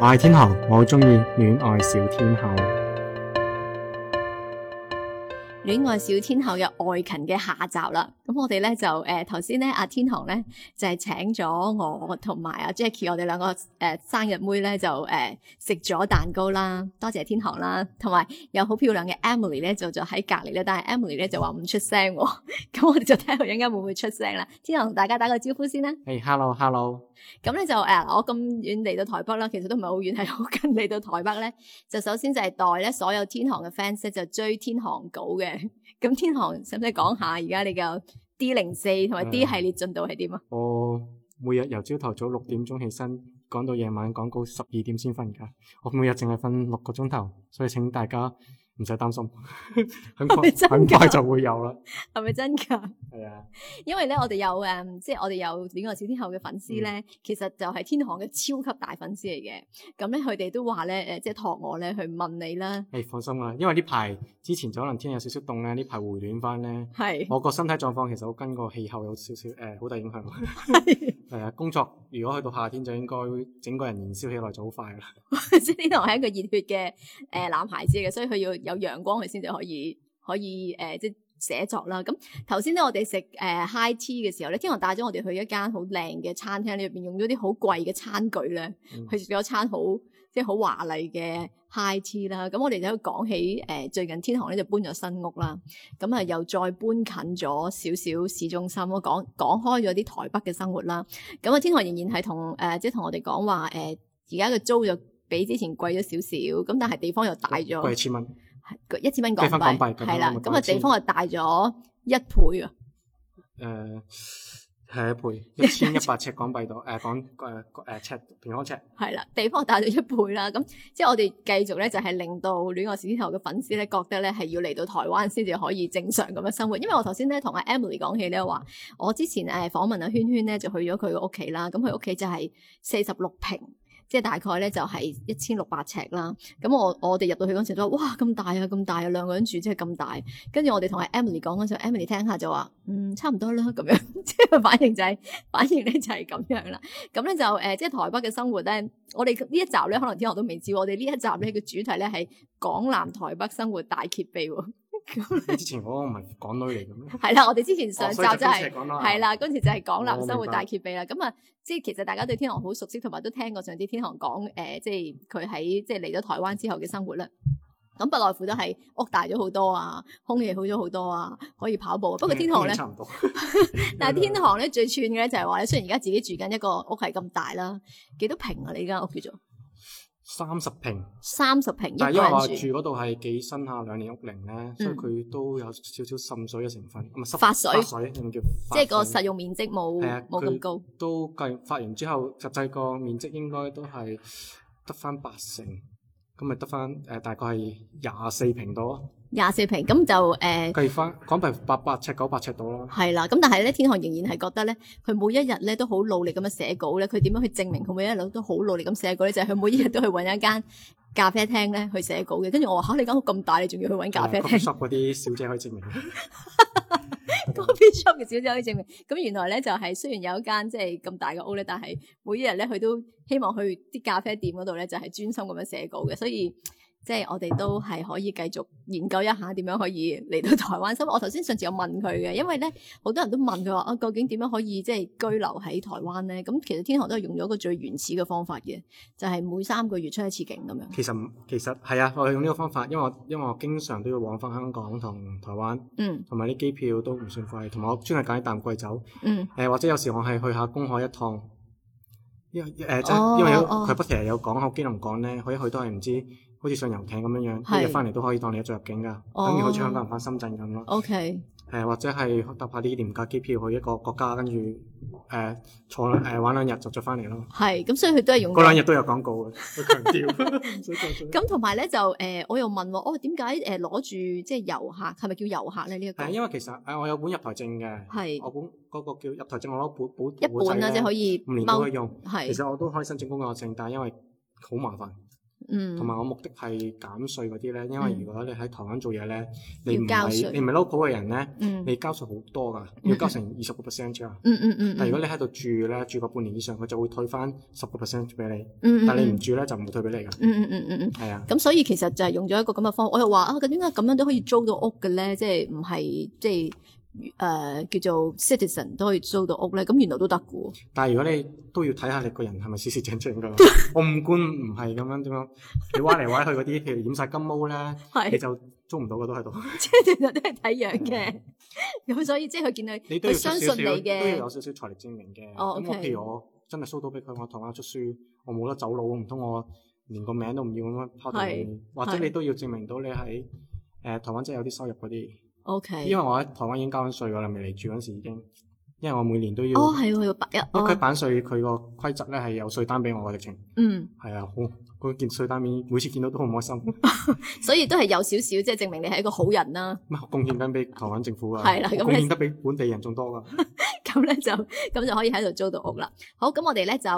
我係天航，我中意《戀愛小天后》。戀愛小天后嘅愛琴嘅下集啦，咁我哋咧就誒頭先咧阿天航咧就係、是、請咗我同埋阿 Jackie，我哋兩個誒、呃、生日妹咧就誒食咗蛋糕啦，多謝天航啦，同埋有好漂亮嘅 Emily 咧就就喺隔籬咧，但係 Emily 咧就話唔出聲，咁 我哋就睇下陣間會唔會出聲啦。天航，大家打個招呼先啦。誒、hey,，Hello，Hello。咁咧就誒我咁遠嚟到台北啦，其實都唔係好遠，係好近嚟到台北咧，就首先就係代咧所有天航嘅 fans 咧就追天航稿嘅。咁 天航使唔使講下，而家你嘅 D 零四同埋 D 系列進度係點啊？我每日由朝頭早六點鐘起身，講到夜晚廣告十二點先瞓覺，我每日淨係瞓六個鐘頭，所以請大家。唔使擔心， 很，快是是很快就會有啦。係咪真㗎？係啊，因為咧，我哋有誒，即係我哋有《戀、嗯、愛、就是、小天后》嘅粉絲咧，嗯、其實就係天航嘅超級大粉絲嚟嘅。咁咧，佢哋都話咧，誒，即係託我咧去問你啦。誒、哎，放心啦，因為呢排之前就可能天有少少凍咧，呢排回暖翻咧。係是。我個身體狀況其實好跟個氣候有少少誒，好、呃、大影響。係是。啊、 呃，工作如果去到夏天就應該整個人燃燒起來就好快啦。即係呢度係一個熱血嘅誒男孩子嘅，所以佢要。有陽光，佢先至可以可以誒、呃，即係寫作啦。咁頭先咧，我哋食誒 high tea 嘅時候咧，天航帶咗我哋去一間好靚嘅餐廳，裏邊用咗啲好貴嘅餐具咧，嗯、去食咗餐好即係好華麗嘅 high tea 啦。咁、嗯、我哋就講起誒、呃、最近天航咧就搬咗新屋啦。咁、嗯、啊，又再搬近咗少少市中心。我講講開咗啲台北嘅生活啦。咁、嗯、啊，天航仍然係同誒即係同我哋講話誒，而家嘅租就比之前貴咗少少，咁但係地方又大咗。貴千蚊。一千蚊港港幣，係啦，咁個地方就大咗一倍啊！誒，係一倍，一千一百尺港幣到，誒，港誒誒尺平方尺。係啦，地方大咗一倍啦，咁即係我哋繼續咧，就係令到戀愛史之後嘅粉絲咧，覺得咧係要嚟到台灣先至可以正常咁樣生活。因為我頭先咧同阿 Emily 講起咧，話我之前誒訪問阿圈圈咧，就去咗佢嘅屋企啦。咁佢屋企就係四十六平。即係大概咧就係一千六百尺啦，咁我我哋入到去嗰陣時都話哇咁大啊咁大啊兩個人住即係咁大，跟住我哋同阿 Emily 講嗰陣，Emily 聽下就話嗯差唔多啦咁樣，即係反應就係、是、反應咧就係咁樣啦，咁咧就誒即係台北嘅生活咧，我哋呢一集咧可能天航都未知，我哋呢一集咧嘅主題咧係港男台北生活大揭秘。 之前嗰個唔係港女嚟嘅咩？係啦， 我哋之前上集真、就、係、是，係啦、哦，嗰陣時就係 港男生活大揭秘啦。咁啊，即係其實大家對天航好熟悉，同埋都聽過上次天航講誒，即係佢喺即係嚟咗台灣之後嘅生活啦。咁不外乎都係屋大咗好多啊，空氣好咗好多啊，可以跑步。不過天航咧，嗯、差唔多 但係天航咧最串嘅咧就係話咧，雖然而家自己住緊一個屋係咁大啦，幾多坪啊？你而家屋叫做？三十平，三十平，但因為話住嗰度係幾新下，兩年屋齡咧，嗯、所以佢都有少少滲水嘅成分，唔係、嗯、發水，發水，叫發水即係個實用面積冇冇咁高，都計發完之後實際個面積應該都係得翻八成，咁咪得翻誒大概係廿四平度。廿四平咁就誒，計、呃、翻港幣八百尺九百尺到啦。係啦，咁但係咧，天航仍然係覺得咧，佢每一日咧都好努力咁樣寫稿咧。佢點樣去證明佢每一日都好努力咁寫稿咧？就係、是、佢每一日都去揾一間咖啡廳咧去寫稿嘅。跟住我話嚇、啊，你間屋咁大，你仲要去揾咖啡廳？嗰啲小姐可以證明。 shop 嘅小姐可以證明。咁原來咧就係、是、雖然有一間即係咁大嘅屋咧，但係每一日咧佢都希望去啲咖啡店嗰度咧，就係專心咁樣寫稿嘅。所以即係我哋都係可以繼續研究一下點樣可以嚟到台灣。所以我頭先上次有問佢嘅，因為咧好多人都問佢話，啊，究竟點樣可以即係居留喺台灣咧？咁、嗯嗯、其實天航都係用咗一個最原始嘅方法嘅，就係每三個月出一次境咁樣。其實其實係啊，我哋用呢個方法，因為我因為我經常都要往返香港同台灣，嗯，同埋啲機票都唔算貴，同埋我專係揀啲淡季走，嗯，誒、呃、或者有時我係去下公海一趟，因、呃、誒、呃哦、因為有佢、哦哦、不停時有港口基隆港咧，可以去，去都係唔知。好似上遊艇咁樣樣，一日翻嚟都可以當你一張入境噶，等於好似香港人翻深圳咁咯。O K，係或者係搭下啲廉價機票去一個國家，跟住誒坐誒玩兩日就再翻嚟咯。係，咁所以佢都係用。嗰兩日都有廣告嘅，我強調。咁同埋咧就誒，我又問喎，我點解誒攞住即係遊客係咪叫遊客咧？呢一個係因為其實誒我有本入台證嘅，我本嗰個叫入台證，我攞本本一本啊，即可以五年可以用。係，其實我都可以申請工作證，但係因為好麻煩，嗯，同埋我目的係減稅嗰啲咧，因為如果你喺台灣做嘢咧，嗯、你唔交稅你唔係 low 浦嘅人咧，嗯、你交稅好多噶，嗯、要交成二十個 percent 啫。嗯嗯嗯。但如果你喺度住咧，住個半年以上，佢就會退翻十個 percent 俾你。嗯。但係你唔住咧，就唔會退俾你噶。嗯嗯嗯嗯嗯。係啊。咁所以其實就係用咗一個咁嘅方，我又話啊，點解咁樣都可以租到屋嘅咧？即係唔係即係。誒，叫做 citizen 都可以租到屋咧，咁原來都得嘅。但係如果你都要睇下你個人係咪四四正正噶我五官唔係咁樣點樣，你歪嚟歪去嗰啲，譬如染晒金毛咧，你就租唔到嘅都喺度。即係其實都係睇樣嘅，咁所以即係佢見到你都要相信你嘅，都要有少少財力證明嘅。咁譬如我真係租到俾佢，我台灣出書，我冇得走佬，唔通我連個名都唔要咁樣？你，或者你都要證明到你喺誒台灣真係有啲收入嗰啲。O Okay , K，因為我喺台灣已經交緊稅，我哋未嚟住嗰時已經，因為我每年都要，哦係要白一，屋區版稅佢個規則咧係有稅單俾我嘅直情，嗯，係啊，好、哦、嗰件稅單面每次見到都好唔開心， 所以都係有少少即係證明你係一個好人啦、啊，乜貢獻緊俾台灣政府啊，係啦， 貢獻得比本地人仲多噶，咁咧 就咁就可以喺度租到屋啦。嗯、好，咁我哋咧就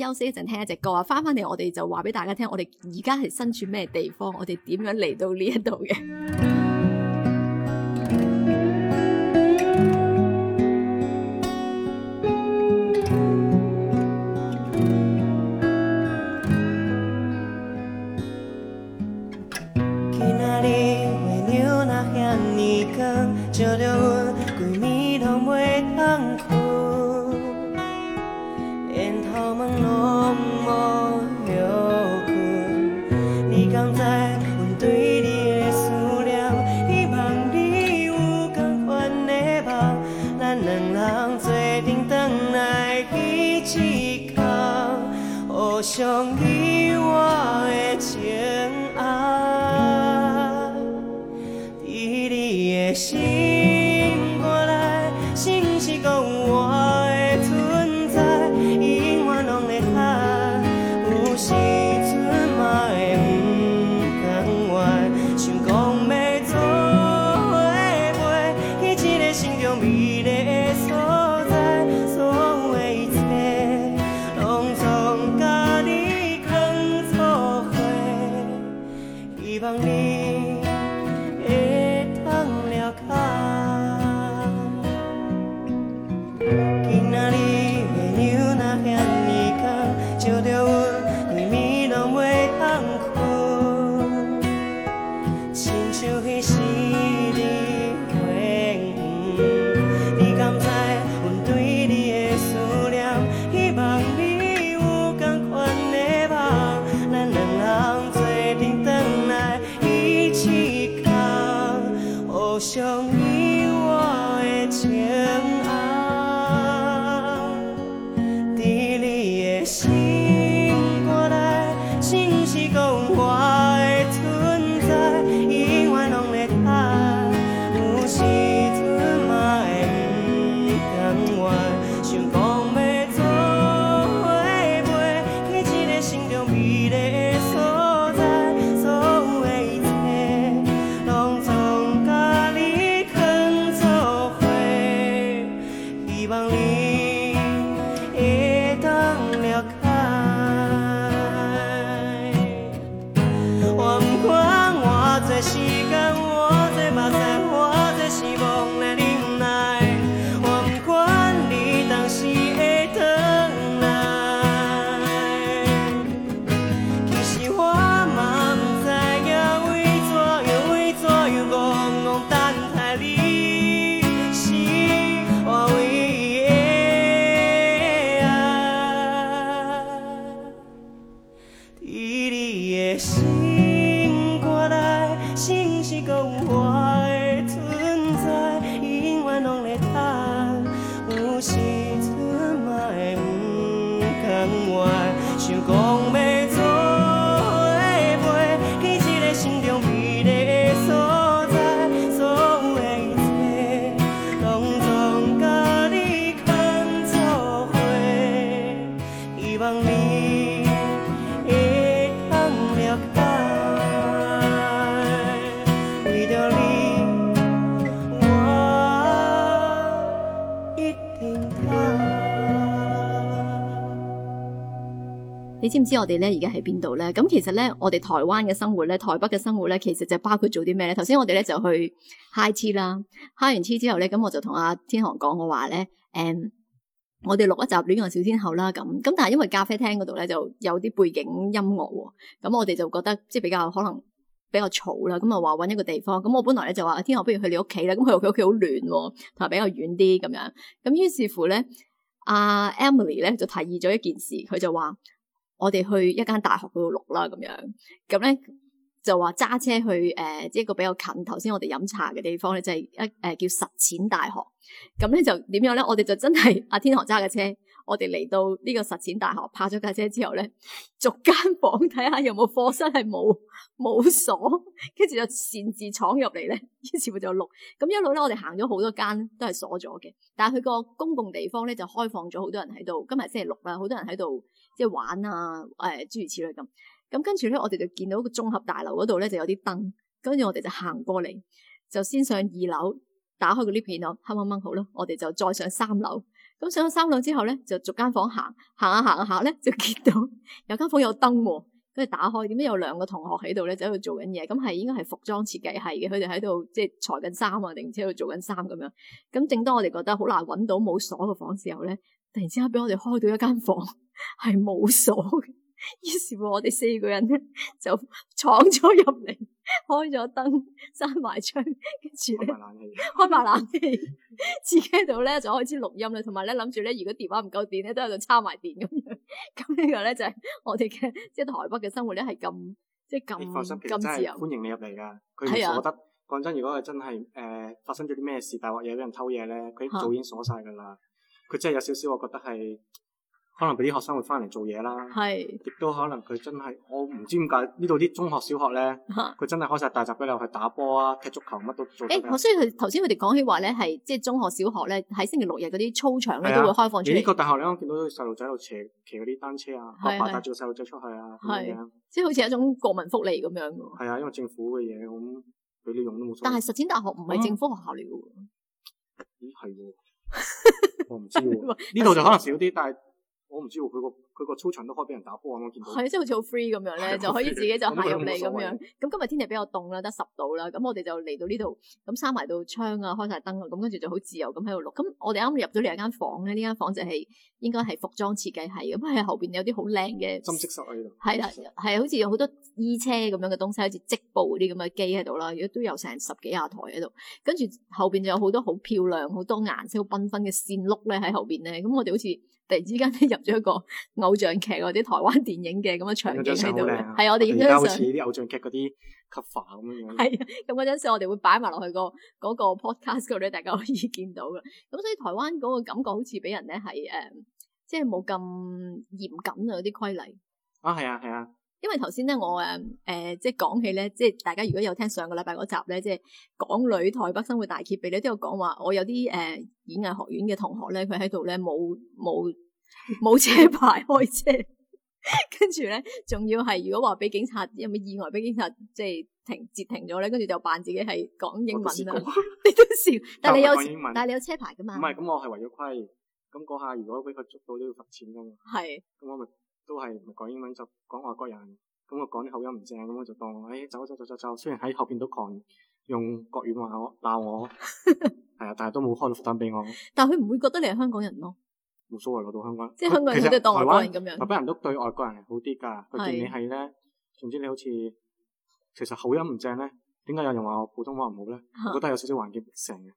誒休息一陣聽一隻歌啊，翻返嚟我哋就話俾大家聽，我哋而家係身處咩地方，我哋點樣嚟到呢一度嘅。 你知唔知我哋咧？而家喺邊度咧？咁其實咧，我哋台灣嘅生活咧，台北嘅生活咧，其實就包括做啲咩咧？頭先我哋咧就去 high tea 啦，high 完 tea 之後咧，咁我就同阿天航講、嗯，我話咧，誒，我哋錄一集《戀愛小天后》啦。咁咁，但係因為咖啡廳嗰度咧就有啲背景音樂，咁我哋就覺得即係比較可能比較嘈啦。咁啊，話搵一個地方。咁我本來咧就話天航，不如去你屋企啦。咁佢話佢屋企好亂，同埋比較遠啲咁樣。咁於是乎咧，阿 Emily 咧就提議咗一件事，佢就話，我哋去一間大學嗰度錄啦，咁樣咁咧就話揸車去誒，即、呃、係、就是、一個比較近。頭先我哋飲茶嘅地方咧，就係、是、一誒、呃、叫實踐大學。咁咧就點樣咧？我哋就真係阿天航揸嘅車，我哋嚟到呢個實踐大學，泊咗架車之後咧，逐間房睇下有冇課室係冇冇鎖，跟住就擅自闖入嚟咧，於是乎就錄。咁一路咧，我哋行咗好多間，都係鎖咗嘅。但係佢個公共地方咧，就開放咗，好多人喺度。今日星期六啦，好多人喺度。即係玩啊，誒，諸如此類咁。咁跟住咧，我哋就見到個綜合大樓嗰度咧就有啲燈。跟住我哋就行過嚟，就先上二樓，打開嗰啲片哦。黑掹掹好啦，我哋就再上三樓。咁上咗三樓之後咧，就逐間房行，行下行下行咧，就見到有間房有燈喎。跟住打開，點解有兩個同學喺度咧？喺度做緊嘢，咁係應該係服裝設計系嘅，佢哋喺度即係裁緊衫啊，定唔知喺度做緊衫咁樣。咁正當我哋覺得好難揾到冇鎖嘅房時候咧。突然之間俾我哋開到一間房係冇鎖嘅。於是乎我哋四個人咧就闖咗入嚟，開咗燈，閂埋窗，跟住，開冷氣開埋冷氣，自己度咧就開始錄音啦。同埋咧諗住咧，如果電話唔夠電咧，都喺度插埋電咁樣。咁呢個咧就係、是、我哋嘅即係台北嘅生活咧係咁，即係咁咁自由。歡迎你入嚟噶，佢鎖得講、啊、真，如果係真係誒、呃、發生咗啲咩事，大鑊嘢俾人偷嘢咧，佢早已經鎖晒噶啦。 佢真係有少少，我覺得係可能俾啲學生會翻嚟做嘢啦。係是，亦都可能佢真係我唔知點解呢度啲中學、小學咧，佢、啊、真係開晒大閘俾你去打波啊、踢足球乜都做。誒、欸，我所以頭先佢哋講起話咧，係即係中學、小學咧，喺星期六日嗰啲操場咧、啊、都會開放出嚟。個大學你啱見到細路仔喺度騎騎嗰啲單車啊，爸爸帶住個細路仔出去啊，咁是樣即係、就是、好似一種國民福利咁樣。係啊，因為政府嘅嘢咁俾你用都冇錯。但係實踐大學唔係政府學校嚟嘅喎。咦？係啊。我唔知喎，呢度就可能少啲，但係我唔知喎佢個。佢個操場都開俾人打波咯，見到係即係好似好 free 咁樣咧， 就可以自己就行入嚟咁樣。咁 今日天，天氣比較凍啦，得十度啦。咁我哋就嚟到呢度，咁閂埋到窗啊，開晒燈啊，咁跟住就好自由咁喺度錄。咁我哋啱啱入到呢間房咧、就是，呢間房就係應該係服裝設計系咁，喺後邊有啲好靚嘅針織室喺度。係啦，係好似有好多衣車咁樣嘅東西，好似織布啲咁嘅機喺度啦，亦都有成十幾廿台喺度。跟住後邊就有好多好漂亮、好多顏色好繽紛嘅線碌咧喺後邊咧。咁我哋好似～突然之間咧入咗一個偶像劇或者台灣電影嘅咁嘅場景喺度，係我哋影咗相。而家好似啲偶像劇嗰啲 cover 咁樣樣。係啊，咁嗰陣時我哋會擺埋落去個嗰個 podcast 嗰度，大家可以見到嘅。咁所以台灣嗰個感覺好似俾人咧係誒，即係冇咁嚴謹啊嗰啲規例。啊，係啊，係啊。因為頭先咧，我誒誒，即係講起咧，即係大家如果有聽上個禮拜嗰集咧，即係港女台北生活大揭秘咧，都有講話，我有啲誒演藝學院嘅同學咧，佢喺度咧冇冇冇車牌開車，跟住咧仲要係如果話俾警察有冇意外俾警察即係停截停咗咧，跟住就扮自己係講英文啊，都你都笑， 但係你有但係你有車牌噶嘛？唔係，咁我係為咗規，咁嗰下如果俾佢捉到都要罰錢噶嘛？係是，咁我咪。都係講英文就講外國人，咁我講啲口音唔正，咁我就當誒走走走走走。雖然喺後邊都狂用國語話我鬧我，係啊，但係都冇開到罰單俾我。但係佢唔會覺得你係香港人咯，冇所謂我到香港。即係香港人都當外國人咁樣。台北人都對外國人好啲㗎，佢見你係咧。總之你好似其實口音唔正咧，點解有人話我普通話唔好咧？我覺得有少少環境成嘅，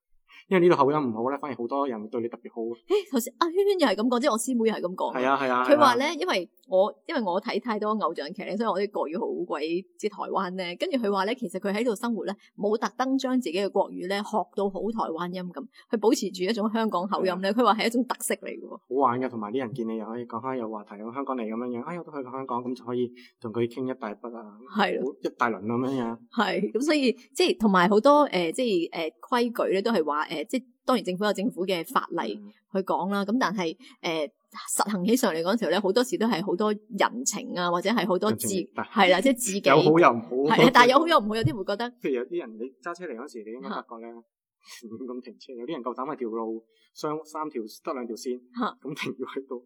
因為呢度口音唔好咧，反而好多人對你特別好。誒，頭先阿軒軒又係咁講，即係我師妹又係咁講。係啊係啊，佢話咧，因為。我因為我睇太多偶像劇咧，所以我啲國，國語好鬼似台灣咧。跟住佢話咧，其實佢喺度生活咧，冇特登將自己嘅國語咧學到好台灣音咁，佢保持住一種香港口音咧。佢話係一種特色嚟嘅喎。好玩嘅，同埋啲人見你又可以講翻有話題，香港嚟咁樣樣，哎，我都去過香港，咁、哎、就可以同佢傾一大筆啊的，一大輪咁樣樣。係，咁所以即係同埋好多誒，即係誒規矩咧，都係話誒，即係、呃、當然政府有政府嘅法例去講啦。咁但係誒。 實行起上嚟嗰時候咧，好多時都係好多人情啊，或者係好多自係啦，即係自己有好有唔好係啊，但係有好有唔好，有啲會覺得。譬如有啲人你揸車嚟嗰時，你應該發覺咧，亂咁停車。有啲人夠膽喺條路雙三條得兩條線，咁停住喺度，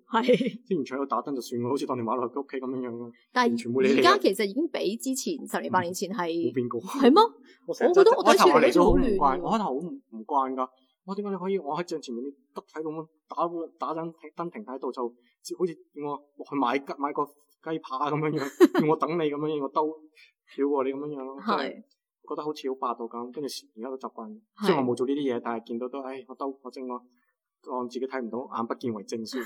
即係唔除咗打燈就算，好似當你馬路去屋企咁樣樣。但係而家其實已經比之前十年八年前係冇變過，係嗎？我覺得我開頭係好唔慣，我開頭好唔唔慣噶。我點解你可以？我喺正前面，你得睇到我打打盞燈停喺度，就好似叫我去買吉買個雞扒咁樣樣，叫我等你咁樣，我兜繞過你咁樣樣咯。係覺得好似好霸道咁。跟住而家都習慣，即係我冇做呢啲嘢，但係見到都，誒、哎，我兜我正我，當自己睇唔到眼不見為正先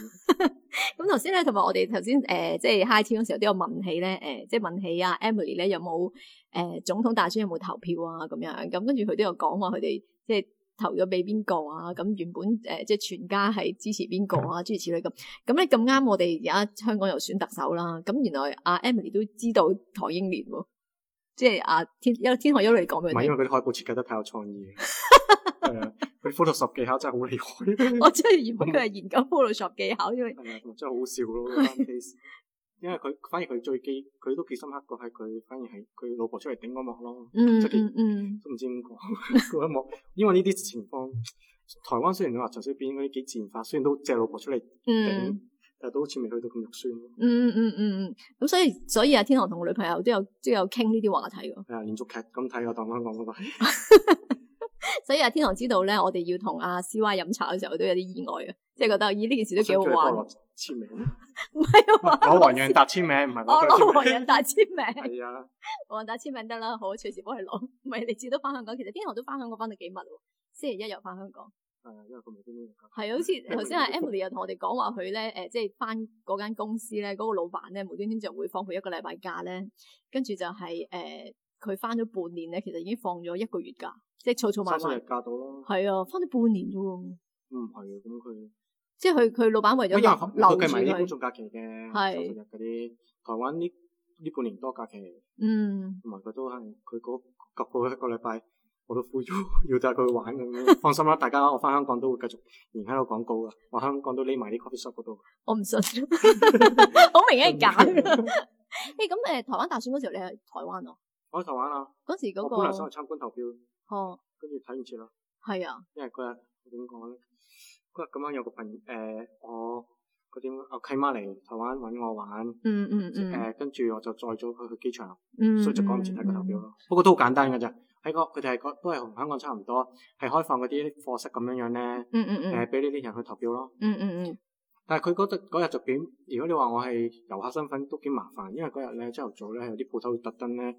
咁頭先咧，同埋 我哋頭先誒，即係 high tea 嗰時候都有問起咧，誒、呃、即、就、係、是、問起阿、啊、Emily 咧有冇誒、呃、總統大選有冇投票啊？咁樣咁跟住佢都有講話，佢哋即係。投咗俾邊個啊？咁原本誒、呃、即係全家係支持邊個啊？諸如此類咁。咁咧咁啱，我哋而家香港又選特首啦。咁原來阿 Emily 都知道唐英年喎，即係阿天有天台有嚟講咩？唔係因為佢啲海報設計得太有創意，佢、 呃、Photoshop 技巧真係好厲害。我真係原本以為佢係研究 Photoshop 技巧，因為真係好笑咯。 因為佢反而佢最記佢都幾深刻，個係佢反而係佢老婆出嚟頂嗰幕咯，嗯嗯，都唔知點講嗰一幕， 因為呢啲情況，台灣雖然你話陳水扁嗰啲幾自然化，雖然都借老婆出嚟頂，嗯、但係都好似未去到咁肉酸。嗯嗯嗯嗯，咁、嗯嗯嗯嗯、所以所以阿天航同我女朋友都有都有傾呢啲話題嘅。係啊、嗯，連續劇咁睇啊，當香港嗰個。 所以阿天航知道咧，我哋要同阿思歪飲茶嘅時候都有啲意外啊，即、就、係、是、覺得咦呢件事都幾好玩。簽名唔係啊！攞黃仁達簽名，唔係攞黃仁達簽名係啊，黃達簽名得啦， 好隨時幫佢攞。唔係你至都翻香港，其實邊行都翻香港翻到幾密喎，星期一又翻香港。係啊，一日咁咪先一日。係啊， 好似頭先阿 Emily 又同我哋講話佢咧，誒，即係翻嗰間公司咧，嗰、嗰個老闆咧，無端端就會放佢一個禮拜假咧，跟住就係、是、誒，佢翻咗半年咧，其實已經放咗一個月假，即係初初買。三日假到咯。係 啊，翻咗半年啫喎。唔係啊，咁佢。即係佢佢老闆為咗留佢，佢計埋啲公眾假期嘅，週日嗰啲台灣呢呢半年多假期，嗯，同埋佢都係佢嗰個一個禮拜我都呼喚要帶佢去玩咁樣。放心啦，大家我翻香港都會繼續延喺度廣告噶，我香港都匿埋啲 coffee shop 度。我唔信，好明顯係假嘅。誒咁誒，台灣大選嗰時候你喺台灣喎？我喺台灣啊。嗰時嗰個。我本身想去參觀投票。哦。跟住睇完設睇唔切咯。係啊。因為嗰日點講咧？咁啱有個朋友誒、呃，我佢啲我契媽嚟台灣揾我玩，誒跟住我就載咗佢去機場，所以就趕唔切睇個投票咯。不過都好簡單嘅咋，喺個佢哋係個都係同香港差唔多，係開放嗰啲課室咁樣樣咧，誒俾呢啲人去投票咯。嗯嗯嗯。但係佢覺得嗰日就點，如果你話我係遊客身份都幾麻煩，因為嗰日咧朝頭早咧有啲鋪頭特登咧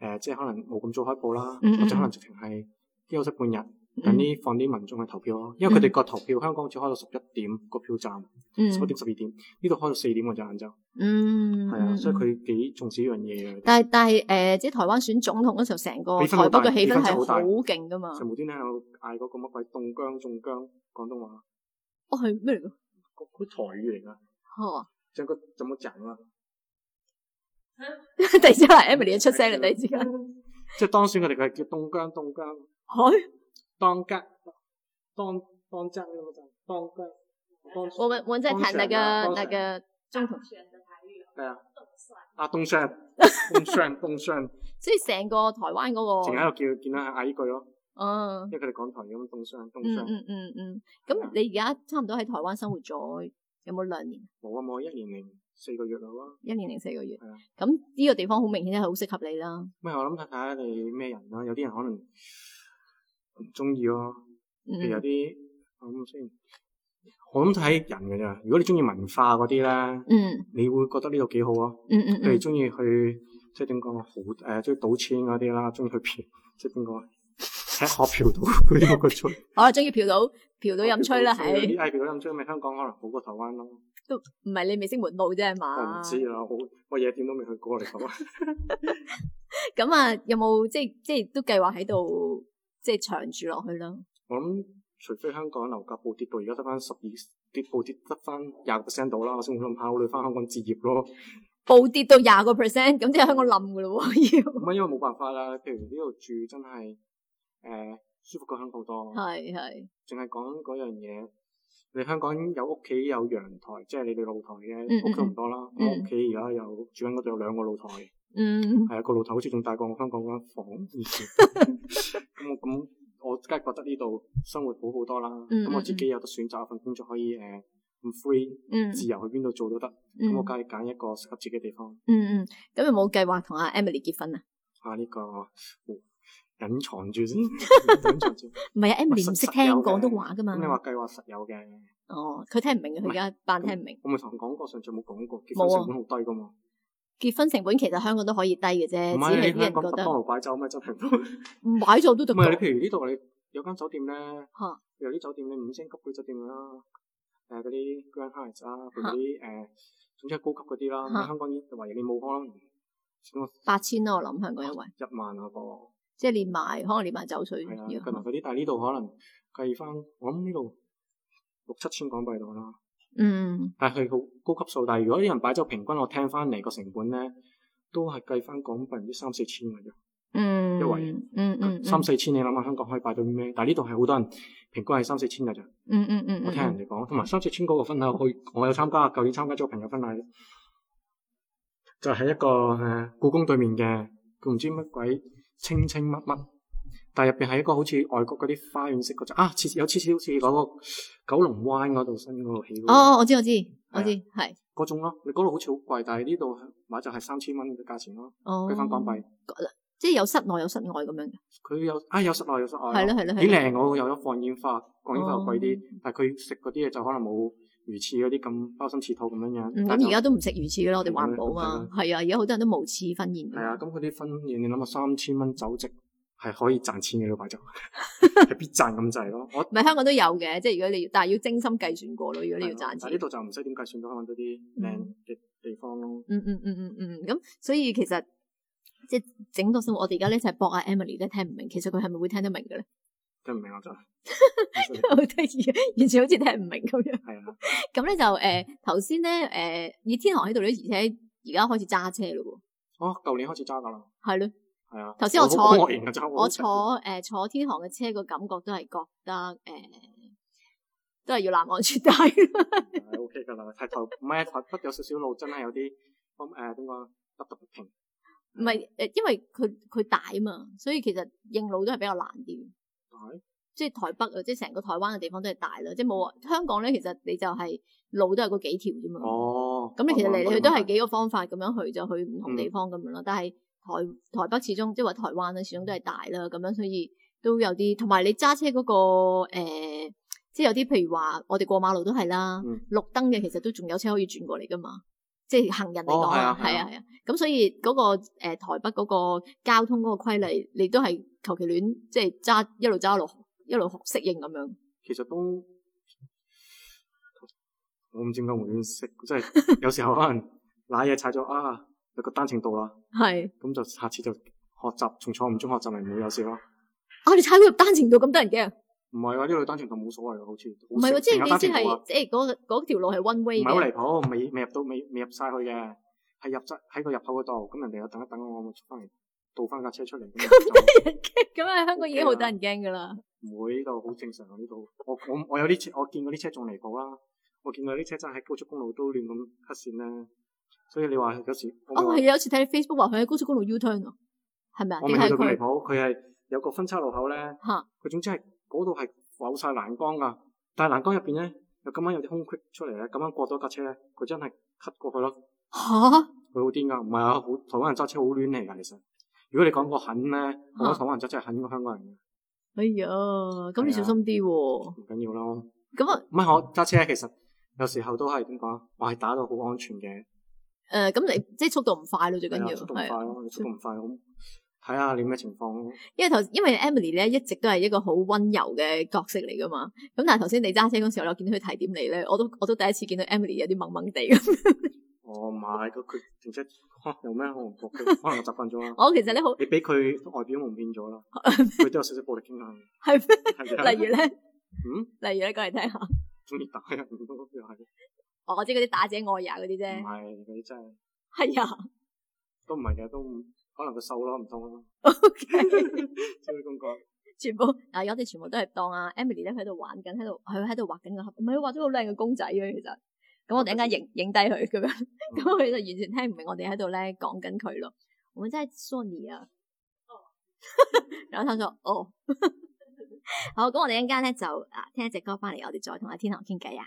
誒，即係可能冇咁早開鋪啦，我就可能直情係休息半日。等啲放啲民眾去投票咯，因為佢哋個投票香港只開到十一點個票站，十一點十二點呢度開到四點我就晏晝，嗯，係啊，所以佢幾重視呢樣嘢嘅。但係但係誒，即係台灣選總統嗰時候，成個台北嘅氣氛係好勁㗎嘛。無端端嗌嗰個乜鬼凍蒜、凍蒜，廣東話，哦係咩嚟㗎？啲台語嚟㗎嚇，即係個怎麼整啊？突然之間 Emily 出聲啦，突然之間，即係當選佢哋佢係叫凍蒜凍蒜。當家，當當家，當當我們我們在嘅，那個那個總統選的牌啊。係啊。啊東商，東商，東商。所以成個台灣嗰個。成日喺度叫見到係矮句咯。哦。因為佢哋講台語東商東商。嗯嗯嗯，咁你而家差唔多喺台灣生活咗有冇兩年？冇啊，冇一年零四個月咯。一年零四個月。係啊。咁呢個地方好明顯係好適合你啦。咩？我諗睇睇你咩人啦，有啲人可能。唔中意咯，譬如有啲咁先。我諗睇人嘅咋。如果你中意文化嗰啲咧，嗯，你會覺得呢度幾好啊。嗯嗯嗯。譬如中意去即係點講好誒？中意賭錢嗰啲啦，中意去嫖，即係點講？學嫖賭嗰啲，我做好中意嫖賭，嫖賭飲吹啦。誒，嫖賭飲吹咪香港可能好過台灣咯。都唔係你未識門路啫，係嘛？我唔知啊，好我夜店都未去過嚟，係嘛？咁啊，有冇即係即係都計劃喺度？即係長住落去啦。我諗除非香港樓價暴跌到而家得翻十二，跌暴跌得翻廿個 percent 度啦，我先會諗考慮翻香港置業咯。暴跌到廿個 percent，咁即係香港冧㗎咯喎。咁啊，因為冇辦法啦。譬如呢度住真係誒、呃、舒服過香港好多。係係。淨係講嗰樣嘢，你香港有屋企有陽台，即、就、係、是、你哋露台嘅屋企唔多啦。屋企而家有、嗯、住緊嗰度有兩個露台。嗯，係啊，個老頭好似仲大過我香港嗰間房，咁我咁我梗係覺得呢度生活好好多啦。咁我自己有得選擇一份工作，可以誒咁 free，自由去邊度做都得。咁我梗係揀一個適合自己地方。嗯嗯，咁有冇計劃同阿 Emily 結婚啊？啊呢個隱藏住先，隱藏住？唔係啊，Emily 唔識聽廣東話噶嘛？咁你話計劃實有嘅？哦，佢聽唔明，佢而家扮聽唔明。我咪同你講過，上次冇講過，結婚成本好低噶嘛。結婚成本其實香港都可以低嘅啫，行只係啲人覺得擺酒咪真係唔到，唔擺酒都得。你。譬如呢度你有間酒店咧，啊、有啲酒店你五星級嘅酒店啦，誒嗰啲 Grand Hyatt 啊，嗰啲誒，總之係高級嗰啲啦。啊、香港呢一位你冇可能，八千咯，我諗香港一位，一萬啊噃，即係連埋，可能連埋酒水啲，但係呢度可能計翻，我諗呢度六七千港幣度啦。嗯，但係佢好高級數，但係如果啲人擺咗平均，我聽翻嚟個成本咧，都係計翻港幣三四千嘅啫。嗯，因為，嗯嗯，三四千你諗下香港可以擺到咩？但係呢度係好多人平均係三四千嘅啫。嗯，嗯嗯嗯，我聽人哋講，同埋三四千嗰個婚禮，我我有參加，舊年參加咗朋友婚禮，就喺、是、一個誒故宮對面嘅，佢唔知乜鬼清清乜乜。但入邊係一個好似外國嗰啲花園式嗰種啊，似有次次好似嗰個九龍灣嗰度新嗰度起哦，我知我知，的我知，係嗰種咯、啊。你嗰度好似好貴，但係呢度買就係三千蚊嘅價錢咯、啊，俾翻、哦、港幣。即係有室內有室外咁樣嘅。佢有啊，有室內有室外。係咯係咯係。幾靚我有咗放煙花，放煙花又貴啲，哦、但係佢食嗰啲嘢，就可能冇魚翅嗰啲咁鮑參翅肚咁樣樣。咁而家都唔食魚翅噶啦，我哋環保嘛。係啊，而家好多人都無翅婚宴。係啊，咁佢啲婚宴你諗下三千蚊酒席。係可以賺錢嘅，呢個牌就係必賺咁滯咯。我唔係香港都有嘅，即係如果你要，但係要精心計算過咯，如果你要賺錢。呢度、啊、就唔使點計算到香港多啲靚嘅地方咯。嗯嗯，嗯嗯嗯嗯嗯，咁所以其實即係整個生活，我哋而家咧就係、是、搏阿 Emily 咧聽唔明，其實佢係咪會聽得呢明嘅咧？聽唔明我就 好完全好似聽唔明咁樣。係啊 的，咁咧 就誒頭先咧誒，葉、呃呃、天航喺度咧，而且而家開始揸車嘞喎。哦，舊年開始揸噶啦。係咯。係啊，頭先我坐我，我，我坐誒、呃、坐天航嘅車個感覺都係覺得誒、呃，都係要南岸轉大。係 OK 噶啦，係台唔係台北有少少路真係有啲，咁誒點講凹凸不平。唔係誒，因為佢佢大啊嘛，所以其實認路都係比較難啲嗎。即係台北啊，即係成個台灣嘅地方都係大啦，即係冇啊。香港咧，其實你就係、是、路都係嗰幾條啫嘛。哦，咁你其實嚟嚟去都係幾個方法咁樣去就去唔同地方咁樣咯，但係、嗯。台台北始終即係話台灣啦，始終都係大啦，咁樣所以都有啲，同埋你揸車嗰、那個誒、呃，即係有啲譬如話我哋過馬路都係啦，嗯、綠燈嘅其實都仲有車可以轉過嚟噶嘛，即係行人嚟講，係啊係啊，咁、啊啊啊嗯、所以嗰、那個誒、呃、台北嗰個交通嗰個規例，你都係求其亂，即係揸一路揸落一路學適應咁樣。其實都我唔知解胡亂識，即係 有時候可能瀨嘢拆咗啊。一個單程道啦，係是，咁就下次就學習，從錯誤中學習咪唔會有事咯。啊，你踩到入單程道咁得人驚？唔係啊，呢度單程道冇所謂嘅，好似。唔係喎，即係意思係，即係嗰嗰條路係 one way 唔係好離譜，未未，啊、入到，未未入晒去嘅，係入喺個入口嗰度，咁人哋又等一等我，我我咪出翻嚟，倒翻架車出嚟。咁得人驚？咁喺香港已經好得人驚噶啦。唔、OK 了啊、會，呢度好正常啊。呢度。我我我，我有啲車，我見過啲車仲離譜啊！我見過啲車，車真係喺高速公路都亂咁黑綫咧。所以你話有時哦係啊，有時睇 Facebook 話喺高速公路 U turn 啊，係咪啊？我見到佢離譜，佢係有個分叉路口咧，吓，佢總之係嗰度係冇晒欄杆噶，但係欄杆入邊咧又咁樣有啲空隙出嚟咧，咁樣過多架車咧，佢真係 cut 過去咯。吓，佢好癲噶，唔係啊，好、啊、台灣人揸車好亂嚟噶，其實如果你講個狠咧，啊、我諗台灣人揸車係狠過香港人、啊。哎呀，咁你小心啲喎、哦。唔緊要啦。咁啊？唔係我揸車其實有時候都係點講，我係打到好安全嘅。誒，咁你即係速度唔快咯，最緊要速度快咯，你速度唔快好。睇下你咩情況咯。因為頭因為 Emily 咧，一直都係一個好温柔嘅角色嚟噶嘛。咁但係頭先你揸車嗰時候，我有見到佢睇點你咧，我都我都第一次見到 Emily 有啲萌萌地咁。我唔係，佢佢點解有咩好唔覺嘅？可能我習慣咗啦。我其實咧好，你俾佢外表蒙騙咗啦，佢都有少少暴力傾向。係咩？例如咧，嗯，例如咧，講嚟聽下。中意打哦、我知嗰啲打者愛日嗰啲啫，唔係嗰啲真係係啊，都唔係嘅，都可能佢瘦咯唔通咯。O K，咁講？Okay. 全部啊，有啲全部都係當啊 Emily 咧喺度玩緊，喺度佢喺度畫緊個，唔係佢畫咗好靚嘅公仔嘅。其實咁、啊、我哋一陣間影影低佢咁樣，咁佢、嗯、就完全聽唔明我哋喺度咧講緊佢咯。我真係 sorry 啊，然後他哦， 哦 好，咁我哋一陣間咧就啊聽一隻歌翻嚟，我哋再同阿天航傾偈啊。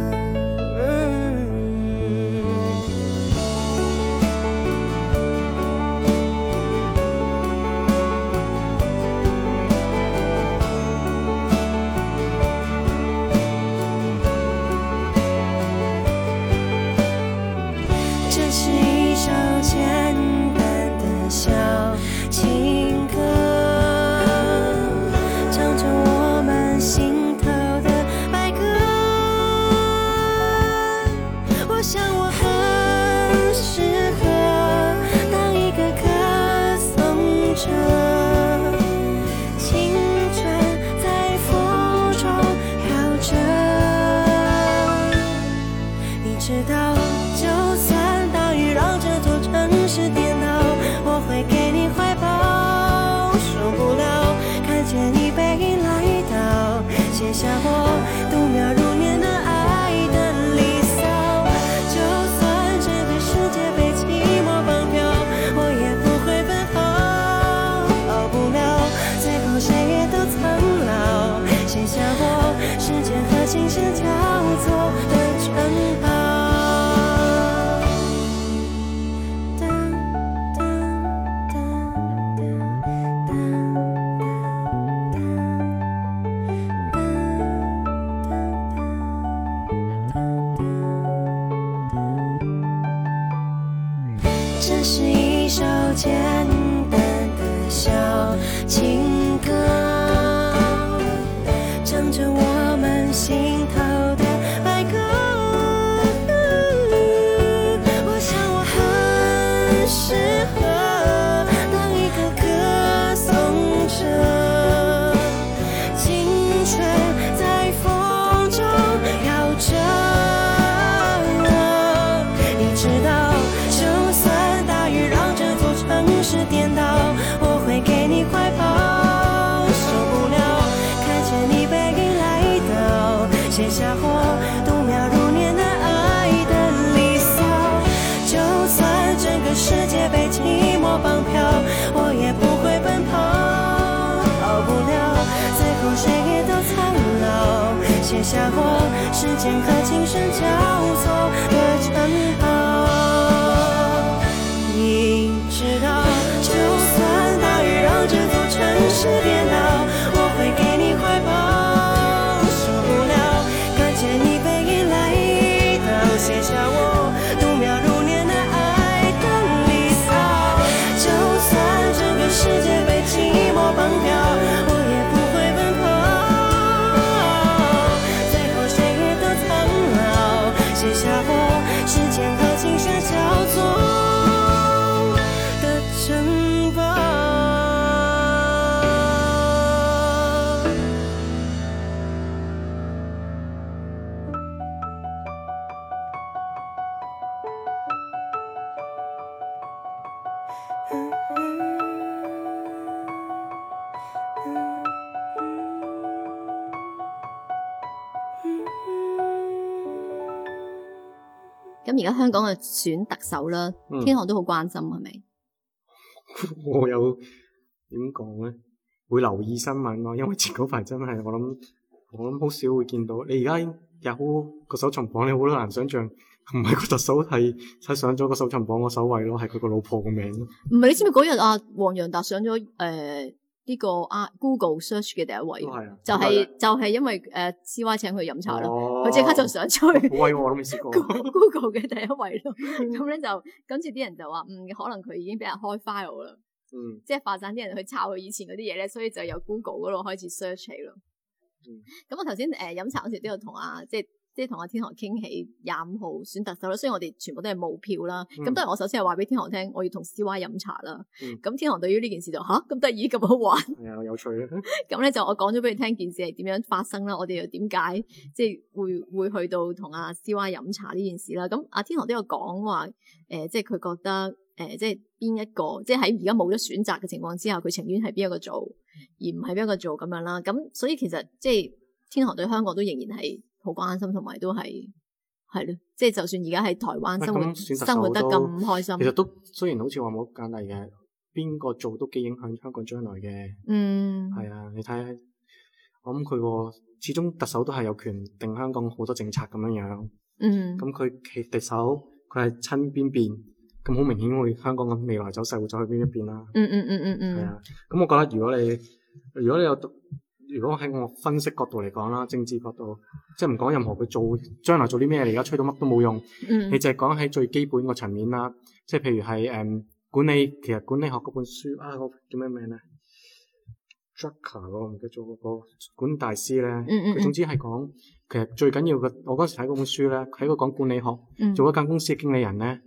情歌。假貨，時間和琴聲交錯的城堡。 咁而家香港嘅選特首啦，嗯、天航都好關心，係咪？ 我有點講咧，會留意新聞咯，因為前嗰排真係我諗，我諗好少會見到。你而家有個搜尋榜，你好難想象，唔係個特首係，係上咗個搜尋榜個首位咯，係佢個老婆個名咯。唔係，你知唔知嗰日阿黃洋達上咗誒？呃呢、這個阿、啊、Google search 嘅第一位，就係就係因為誒 C Y 請佢飲茶咯，佢即、哦、刻就想吹，威、哦、我都未試過 Google 嘅第一位咯，咁咧就跟住啲人就話，嗯，可能佢已經俾人開 file 啦，嗯，即係發散啲人去炒佢以前嗰啲嘢咧，所以就由 Google 嗰度開始 search 起咯，咁、嗯、我頭先誒飲茶嗰時都有同阿、啊、即係。即係同阿天航傾起廿五號選特首啦，所以我哋全部都係冇票啦。咁當然我首先係話俾天航聽，我要同 C Y 飲茶啦。咁、嗯、天航對於呢件事就吓咁得意咁好玩，係啊、嗯、有趣咁咧、 嗯、 就我講咗俾你聽件事係點樣發生啦。我哋又點解即係會、嗯、會，會去到同阿 C Y 飲茶呢件事啦？咁阿天航都有講話誒，即係佢覺得誒、呃，即係邊一個即係喺而家冇咗選擇嘅情況之下，佢情願係邊一個做而唔係邊一個做咁樣啦。咁所以其實即係天航對香港都仍然係。好關心，同埋都係係咯，即係就算而家喺台灣生活，生活得咁開心，其實都雖然好似話冇簡單嘅，邊個做都幾影響香港將來嘅。嗯，係啊，你睇，下，我諗佢個始終特首都係有權定香港好多政策咁樣樣、嗯啊嗯。嗯，咁佢其敵手，佢係親邊邊，咁好明顯會香港嘅未來走勢會走去邊一邊啦。嗯嗯嗯嗯嗯，係啊，咁我覺得如果你如果你有讀。如果喺我分析角度嚟講啦，政治角度，即係唔講任何佢做將來做啲咩嚟，而家吹到乜都冇用。你、mm hmm. 就係講喺最基本個層面啦，即係譬如係誒、um, 管理，其實管理學嗰本書啊，叫咩名咧？Joker 我唔記得咗個管大師咧。佢、mm hmm. 總之係講其實最緊要嘅，我嗰時睇嗰本書咧，喺個講管理學，mm hmm. 做一間公司嘅經理人咧，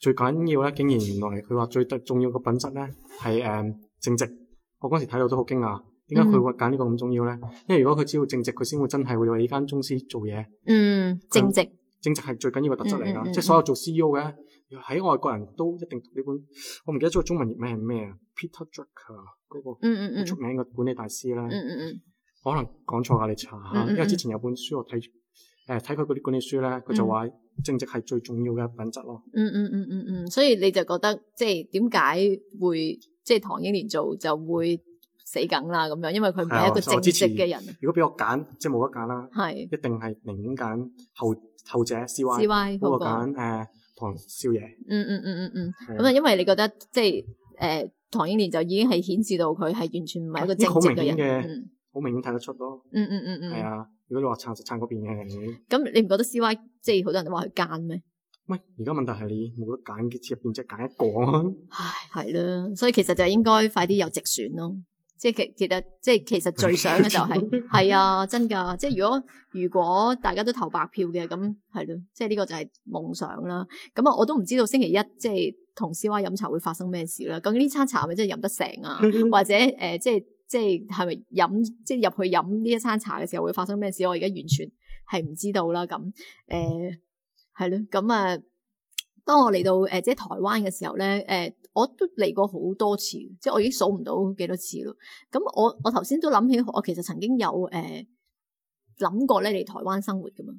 最緊要咧，竟然原來佢話最得重要嘅品質咧係誒正直。我嗰時睇到都好驚訝。點解佢會揀呢個咁重要咧？因為如果佢只要正直，佢先會真係會為呢間公司做嘢。嗯，正、嗯、直，正直係最緊要嘅特質嚟噶。即係所有做 C e o 嘅喺外國人都一定讀呢本，我唔記得咗個中文譯名係咩啊？Peter Drucker 嗰個出名嘅管理大師咧、嗯。嗯嗯，可能講錯啊，你查下，嗯嗯嗯、因為之前有本書我睇，誒睇佢嗰啲管理書咧，佢就話正直係最重要嘅品質咯、嗯。嗯嗯嗯嗯嗯，所以你就覺得即係點解會即係、就是、唐英年做就會？死梗啦咁樣，因為佢唔係一個正直嘅人。如果俾我揀，即係冇得揀啦，係是一定係寧願揀後後者 C Y, C y、那個。CY，揀誒唐少爺、嗯，嗯嗯嗯嗯嗯，咁、嗯、啊，因為你覺得即係誒、呃、唐英年就已經係顯示到佢係完全唔係一個正直嘅人，嘅，好明顯睇得出咯。嗯嗯嗯嗯，係、嗯、啊。嗯嗯、如果你話撐就撐嗰邊嘅，人，咁、嗯嗯嗯嗯、你唔覺得 C Y 即係好多人都話佢奸咩？唔係，而家問題係你冇得揀，即入邊即揀一個。 唉，係啦，所以其實就係應該快啲有直選咯。即係其其實即係其實最想嘅就係係啊，真㗎！即係如果如果大家都投白票嘅，咁係咯，即係呢個就係夢想啦。咁啊，我都唔知道星期一即係同小花飲茶會發生咩事啦。究竟呢餐茶係咪真係飲得成啊？ 或者誒、呃，即係即係係咪飲即係入去飲呢一餐茶嘅時候會發生咩事？我而家完全係唔知道啦。咁誒係咯。咁、呃、啊、嗯，當我嚟到誒、呃、即係台灣嘅時候咧，誒、呃。我都嚟過好多次，即係我已經數唔到幾多次咯。咁我我頭先都諗起，我其實曾經有誒諗、呃、過咧，嚟台灣生活噶嘛。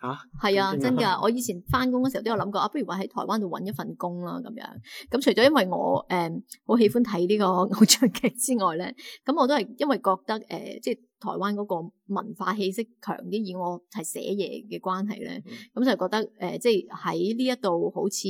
啊，係啊，真噶！啊，我以前翻工嘅時候都有諗過，啊，不如話喺台灣度搵一份工啦，咁樣。咁、嗯、除咗因為我誒好、呃、喜歡睇呢個偶像劇之外咧，咁我都係因為覺得誒、呃、即係。台灣嗰個文化氣息強啲，以我係寫嘢嘅關係咧，咁、嗯、就覺得誒，即係喺呢一度好似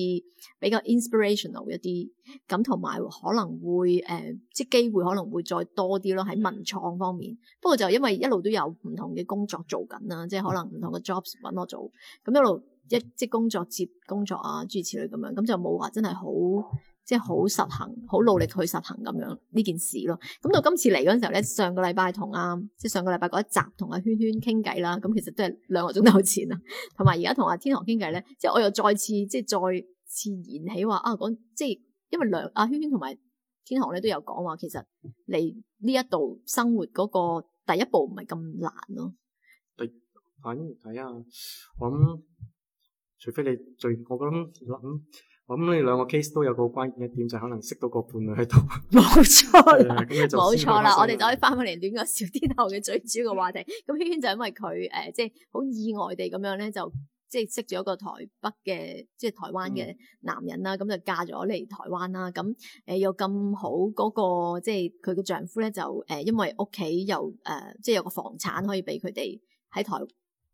比較 inspirational 一啲，咁同埋可能會誒、呃，即係機會可能會再多啲咯，喺文創方面。嗯、不過就因為一路都有唔同嘅工作做緊啦，即、就、係、是、可能唔同嘅 jobs 搵我做，咁一路一即工作接工作啊，諸如此類咁樣，咁就冇話真係好。即係好實行，好努力去實行咁樣呢件事咯。咁到今次嚟嗰陣時候咧，上個禮拜同阿即係上個禮拜嗰一集同阿圈圈傾偈啦。咁其實都係兩個鐘頭前啦。同埋而家同阿天航傾偈咧，即係我又再次即係再次燃起話啊，講即係因為梁阿圈圈同埋天航咧都有講話，其實嚟呢一度生活嗰個第一步唔係咁難咯。睇睇啊，我諗除非你最我咁諗。咁你兩個 case 都有個關鍵一點，就可能識到個伴侶喺度。冇錯啦，冇錯 對啦，我哋就可以翻返嚟呢個小天后嘅最主要嘅話題。咁軒軒就因為佢誒，即係好意外地咁樣咧，就即係、就是、識咗一個台北嘅，即、就、係、是、台灣嘅男人啦，咁、嗯、就嫁咗嚟台灣啦。咁誒，有、呃、咁好嗰、那個，即係佢嘅丈夫咧，就誒、呃，因為屋企又誒，即、呃、係、就是、有個房產可以俾佢哋喺台灣。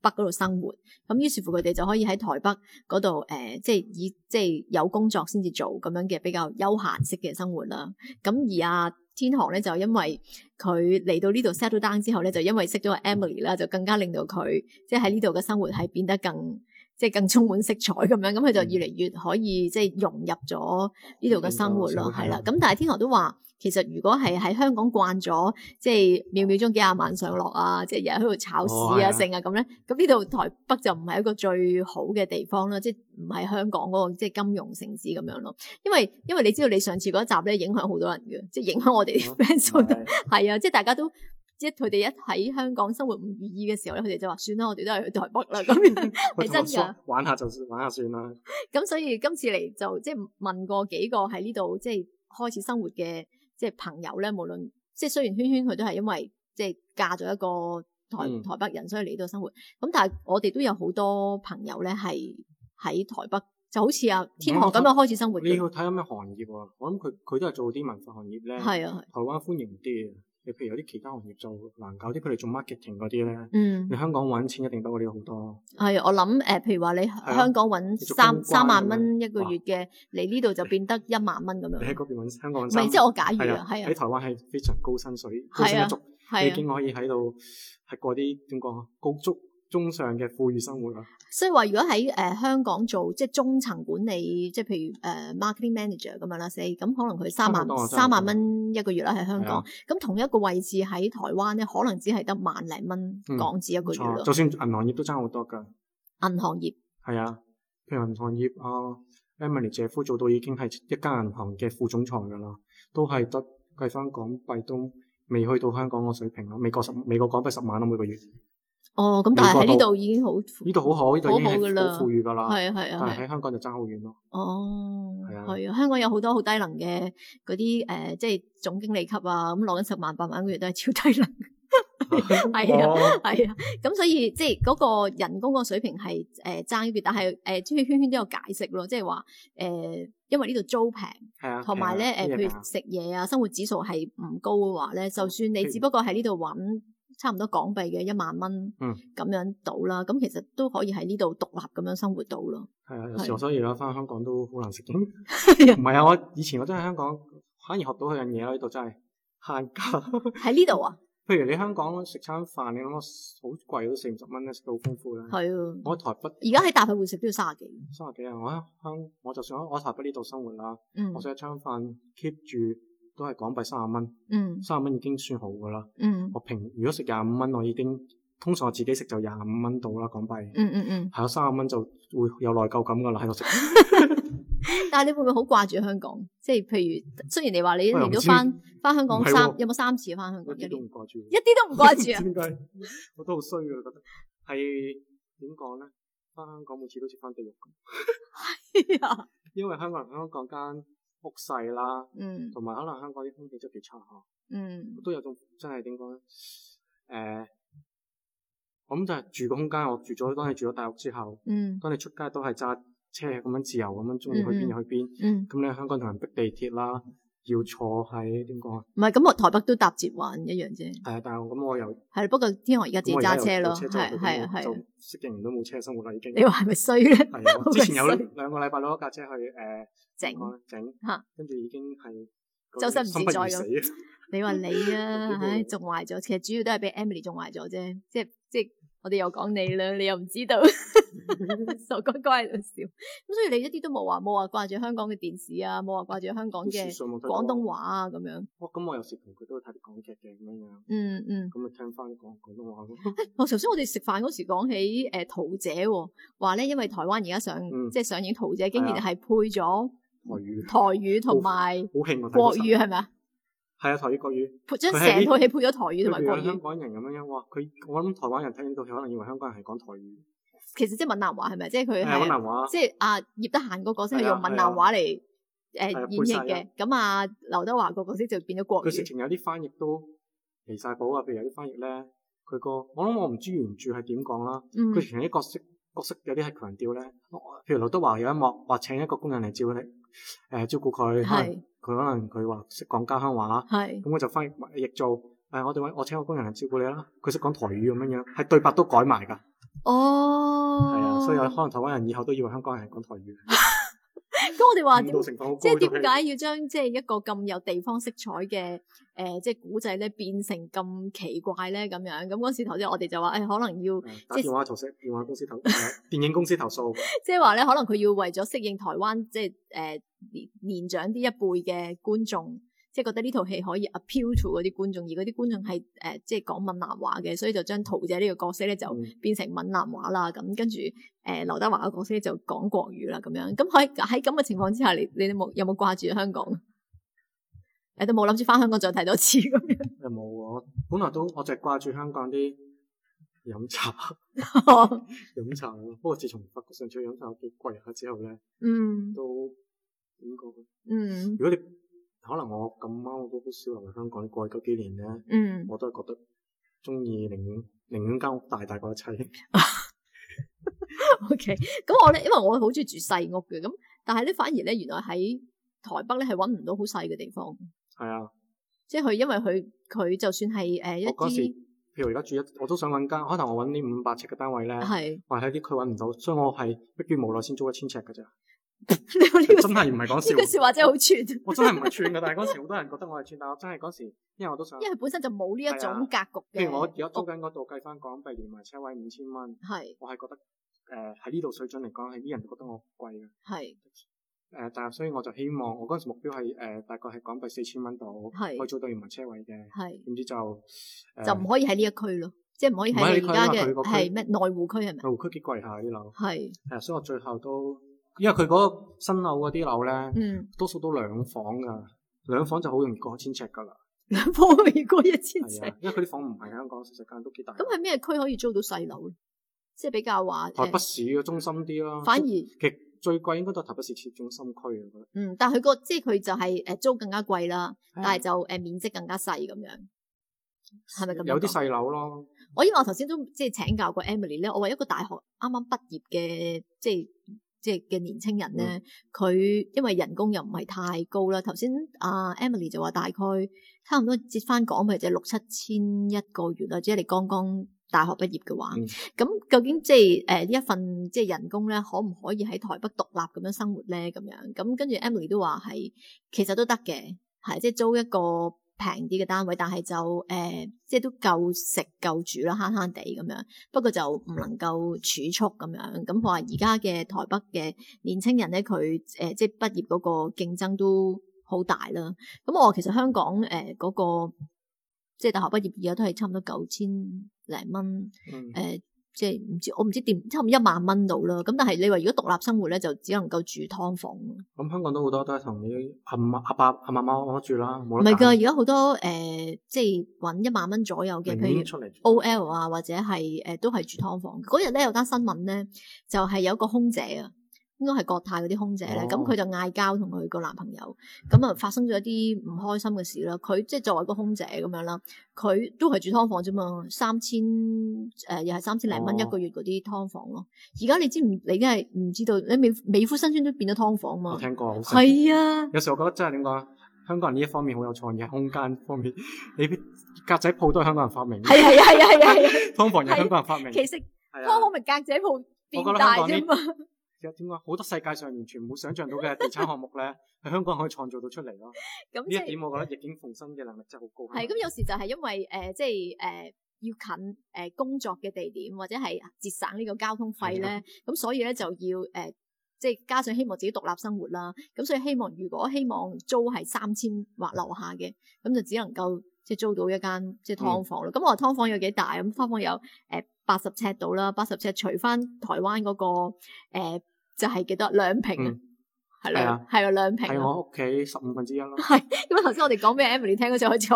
北度生活，咁於是乎佢哋就可以喺台北嗰度，誒、呃，即係以即係有工作先至做咁樣嘅比較休閒式嘅生活啦。咁而阿、啊、天航咧就因為佢嚟到呢度 settle down 之後咧，就因為，就因為識咗 Emily 啦，就更加令到佢即係喺呢度嘅生活係變得更。即係更充滿色彩咁樣，咁佢就越嚟越可以即係融入咗呢度嘅生活咯，係啦。咁的但係天航都話，其實如果係喺香港慣咗，即係秒秒鐘幾廿萬上落啊，哦、即係日日喺度炒市啊，剩啊咁咧，咁呢度台北就唔係一個最好嘅地方啦，即係唔係香港嗰個即係金融城市咁樣咯。因為因為你知道你上次嗰一集咧影響好多人嘅，即係影響我哋啲 fans 好多，係啊，即係大家都。即係佢哋一喺香港生活唔如意嘅時候咧，佢哋就話算啦，我哋都係去台北啦咁，係真噶，玩下就算，玩下算啦。咁所以今次嚟就即係問過幾個喺呢度即係開始生活嘅即係朋友咧，無論即係雖然圈圈佢都係因為即係嫁咗一個台台北人，所以嚟呢度生活。咁、嗯、但係我哋都有好多朋友咧係喺台北，就好似啊天航咁樣開始生活、嗯。你要睇下咩行業、啊，我諗佢佢都係做啲文化行業咧，係啊，台灣歡迎啲。你譬如有啲其他行業做難搞啲，佢哋做 marketing 嗰啲咧，嗯、你香港揾錢一定比我哋好多。係，我諗誒，譬、呃、如話你香港揾三三萬蚊一個月嘅，你呢度就變得一萬蚊咁樣。你喺嗰邊揾香港唔係即係我假如啊，係啊。喺台灣係非常高薪水高薪族，你竟然可以喺度係過啲點講高足。中上嘅富裕生活咯，所以話如果喺誒、啊、香港做即係中層管理，即係譬如誒、啊、Marketing Manager 咁樣啦，四咁可能佢三萬三萬蚊一個月啦，喺香港。咁、啊、同一個位置喺台灣咧，可能只係得萬零蚊港紙一個月、嗯、就算銀行業都差好多㗎，銀行業係啊，譬如銀行業啊，Emily 姐夫做到已經係一家銀行嘅副總裁㗎啦， 都係得計翻港幣都未去到香港嘅水平咯。美國十美國港幣十,十,十,十萬咯，每個月。哦，咁但係喺呢度已經好，呢度好好，呢度好，已經係好富裕噶啦，係啊係啊。但係喺香港就爭好遠咯。哦，係啊，啊，香港有好多好低能嘅嗰啲誒，即係總經理級啊，咁攞緊十萬八萬個月都係超低能，係啊係啊。咁、啊、所以即係嗰個人工個水平係誒爭啲，但係誒，即、呃、係圈圈都有解釋咯，即係話誒，因為呢度租平，係啊，同埋咧誒，譬如食嘢啊，生活指數係唔高嘅話咧，就算你只不過喺呢度搵。差唔多港幣嘅一萬蚊，嗯，咁樣到啦，咁其實都可以喺呢度獨立咁樣生活到咯。係啊、嗯，有時我所以咧返香港都好難食到。唔 係 啊，我以前我真係香港反而學到佢嘅嘢啊！呢度真係限價喺呢度啊。譬如你香港食餐飯，你諗下好貴都四五十蚊咧，食到豐富咧。係啊的，我喺台北而家喺大埔食都要三十幾。三十幾啊！我香我就想喺台北呢度生活啦。嗯，我食一餐飯 keep 住。都係港幣三十蚊，嗯，三十蚊已經算好噶啦。嗯，我平如果食廿五蚊，我已經通常我自己食就廿五蚊到啦港幣。嗯嗯嗯，係啊，三十蚊就會有內疚感噶啦喺度食。但係你會唔會好掛住香港？即係譬如雖然你話你一年都翻翻香港三有冇三次翻香港？一啲都唔掛住。一啲都唔掛住。點解？我都好衰啊覺得。係點講咧？翻香港每次都似翻地獄噉。係啊。因為香港人香港間。屋細啦，嗯，同埋可能香港啲空氣質地差嚇、啊，嗯，都有種真係點講咧？我諗就係住個空間，我住咗當你住咗大屋之後，嗯，當你出街都係揸車咁樣自由咁樣，中意、嗯、去邊就去邊，咁你喺香港同人逼地鐵啦。嗯要坐喺點講啊？唔係咁我台北都搭捷運一樣啫。係啊，但係咁我又係啦。不過天河而家自己揸車咯，係係係。適應都冇車生活啦，已經。你話係咪衰咧？係啊，之前有兩個禮拜攞架車去誒整，整吓，跟住已經係周身唔自在咯。你話你啊，唉，仲壞咗。其實主要都係俾 Emily 仲壞咗啫，即係即係。我哋又講你啦，你又唔知道， 傻乖乖喺度笑。咁所以你一啲都冇話冇話掛住香港嘅電視啊，冇話掛住香港嘅廣東話啊咁樣。哇！咁我有時同佢都會睇啲港劇嘅咁樣。嗯嗯。咁啊聽翻啲廣廣東話嘅。我頭先我哋食飯嗰時講起誒、呃、桃姐喎、哦，話咧因為台灣而家上、嗯、即係上映桃姐、哎呀，竟然係配咗台語、台語同埋好國語係咪？是係啊，台語國語配咗成套戲配咗台語同埋國語。香港人咁樣樣，哇！佢我諗台灣人睇呢套戲，可能以為香港人係講台語。其實即係閩南話係咪？即係佢係閩南話。是是即係阿、嗯啊、葉德嫻個角色係用閩南話嚟誒演繹嘅。咁啊，劉德華個角色就變咗國語。佢成日有啲翻譯都離晒譜啊！譬如有啲翻譯咧，佢個我諗我唔知原著係點講啦。佢其實啲角色角色有啲係強調咧。譬如劉德華有一幕話請一個工人嚟照顧你。誒、嗯，照顧佢，佢是可能佢話識講家鄉話，咁我是、嗯、就翻譯譯做誒，我哋我請個工人嚟照顧你啦，佢識講台語咁樣樣，係對白都改埋噶，係、哦、啊，所以可能台灣人以後都以為香港人係講台語。 我哋話即係點解要將即係一個咁有地方色彩嘅誒，即係古仔咧變成咁奇怪咧咁樣？咁嗰時頭先我哋就話誒、哎，可能要打電話投訴，即係、電話公司投訴， 電影公司投訴，即係話咧，可能佢要為咗適應台灣即係誒年長啲一輩嘅觀眾。即係覺得呢套戲可以 appeal 到嗰啲觀眾，而嗰啲觀眾係誒、呃、即係講閩南話嘅，所以就將桃姐呢個角色咧就變成閩南話啦。咁跟住誒、呃，劉德華嘅角色就講國語啦。咁樣咁喺喺咁嘅情況之下，你你有冇有冇掛住香港？你都冇諗住返香港再睇多次咁樣。又冇我，本來都我就係掛住香港啲飲茶飲茶。 飲茶 不過自從發覺上次飲茶幾貴下之後咧，嗯，都點講？嗯，如果你。可能我咁啱我都好少留喺香港，過去嗰幾年咧，嗯、我都係覺得中意寧願，寧願間屋大，大過一切。O K，咁我咧，因為我好中意住細屋嘅，咁但係咧，反而咧，原來喺台北咧係揾唔到好細嘅地方。係啊、嗯，即係佢因為佢佢就算係誒、呃、一個，我嗰時譬如而家住一，我都想揾間，可能我揾啲五百尺嘅單位咧，或者啲佢揾唔到，所以我係逼於無奈先租一千尺㗎咋。你真係唔係講笑，呢句說話真係好串。我真係唔係串噶，但係嗰時好多人覺得我係串，但我真係嗰時，因為我都想，因為本身就冇呢一種格局嘅。我而家租緊嗰度，計翻港幣連埋車位五千蚊。係。我係覺得誒喺呢度水準嚟講，係啲人就覺得我貴啊。係。誒，但係所以我就希望我嗰時目標係誒，大概係港幣四千蚊度，係可以做到連埋車位嘅。係。點知就就唔可以喺呢一區咯，即係唔可以喺而家嘅係咩內湖區係咪？內湖區幾貴下啲樓。係。係所以我最後都。因為佢嗰新樓嗰啲樓咧，嗯、多數都兩房噶，兩房就好容易過一千尺噶啦。兩房未過一千尺，因為佢啲房唔係香港實，間都幾大。咁係咩區可以租到細樓咧？嗯、即係比較話台北市嘅中心啲咯，反而其實最貴應該都係台北市市中心區。嗯，但係佢個即係佢就係誒租更加貴啦，的但係就誒面積更加細咁樣，係咪咁？有啲細樓咯。 我因為我頭先都即係請教過 Emily 咧，我話一個大學啱啱畢業嘅即係。即係嘅年輕人咧，佢、嗯、因為人工又唔係太高啦。頭先阿 Emily 就話大概差唔多折翻港幣，就六七千一個月啦，即係你剛剛大學畢業嘅話，咁、嗯、究竟即係誒呢一份即係人工咧，可唔可以喺台北獨立咁樣生活咧？咁樣咁跟住 Emily 都話係，其實都得嘅，係即係租一個。平啲嘅單位，但係就誒、呃，即係都夠食夠住啦，慳慳地咁樣。不過就唔能夠儲蓄咁樣。咁我話而家嘅台北嘅年青人咧，佢誒即係畢業嗰個競爭都好大啦。咁我其實香港誒嗰個即係大學畢業而家都係差唔多九千零蚊誒。即係唔知我唔知點，差唔多一萬蚊到啦，咁但係你話如果獨立生活咧，就只能夠住劏房咯。咁香港都好多都係同你阿媽阿爸阿媽媽住啦。唔係噶，而家好多誒，即係搵一萬蚊左右嘅，譬如 O L 啊，或者係誒、呃、都係住劏房。嗰日咧有單新聞咧，就係、是、有一個空姐啊。應該係國泰嗰啲空姐咧，咁佢就嗌交同佢個男朋友，咁啊發生咗一啲唔開心嘅事啦。佢即係作爲個空姐咁樣啦，佢都係住劏房啫嘛，三千誒又係三千零蚊一個月嗰啲劏房咯。而家你知唔？你已經係唔知道，你美美孚新村都變咗劏房嘛？我聽過，係啊。有時我覺得真係點講，香港人呢一方面好有創意，空間方面，你格仔鋪都係香港人發明。係啊係啊係啊係啊，劏房又香港人發明。其實劏房咪格仔鋪變大啫嘛。點解好多世界上完全冇想象到嘅地產項目咧，喺 香港可以創造到出嚟咯？呢、就是、一點我覺得逆境逢生嘅能力真係好高。係咁 有時就係因為誒、呃，即係誒、呃、要近誒工作嘅地點，或者係節省呢個交通費咧。咁的所以咧就要誒、呃，即係加上希望自己獨立生活啦。咁所以希望如果希望租係三千或樓下嘅，咁的就只能夠即係租到一間即係劏房咯。咁、嗯、我話劏房有幾大？咁㓥房有誒八十尺度啦，八十尺除翻台灣嗰、那個、呃呃就係幾多兩瓶啊，係兩係啊兩瓶，係我屋企十五分之一咯。係，咁啊頭先我哋講俾 Emily 聽嗰時好似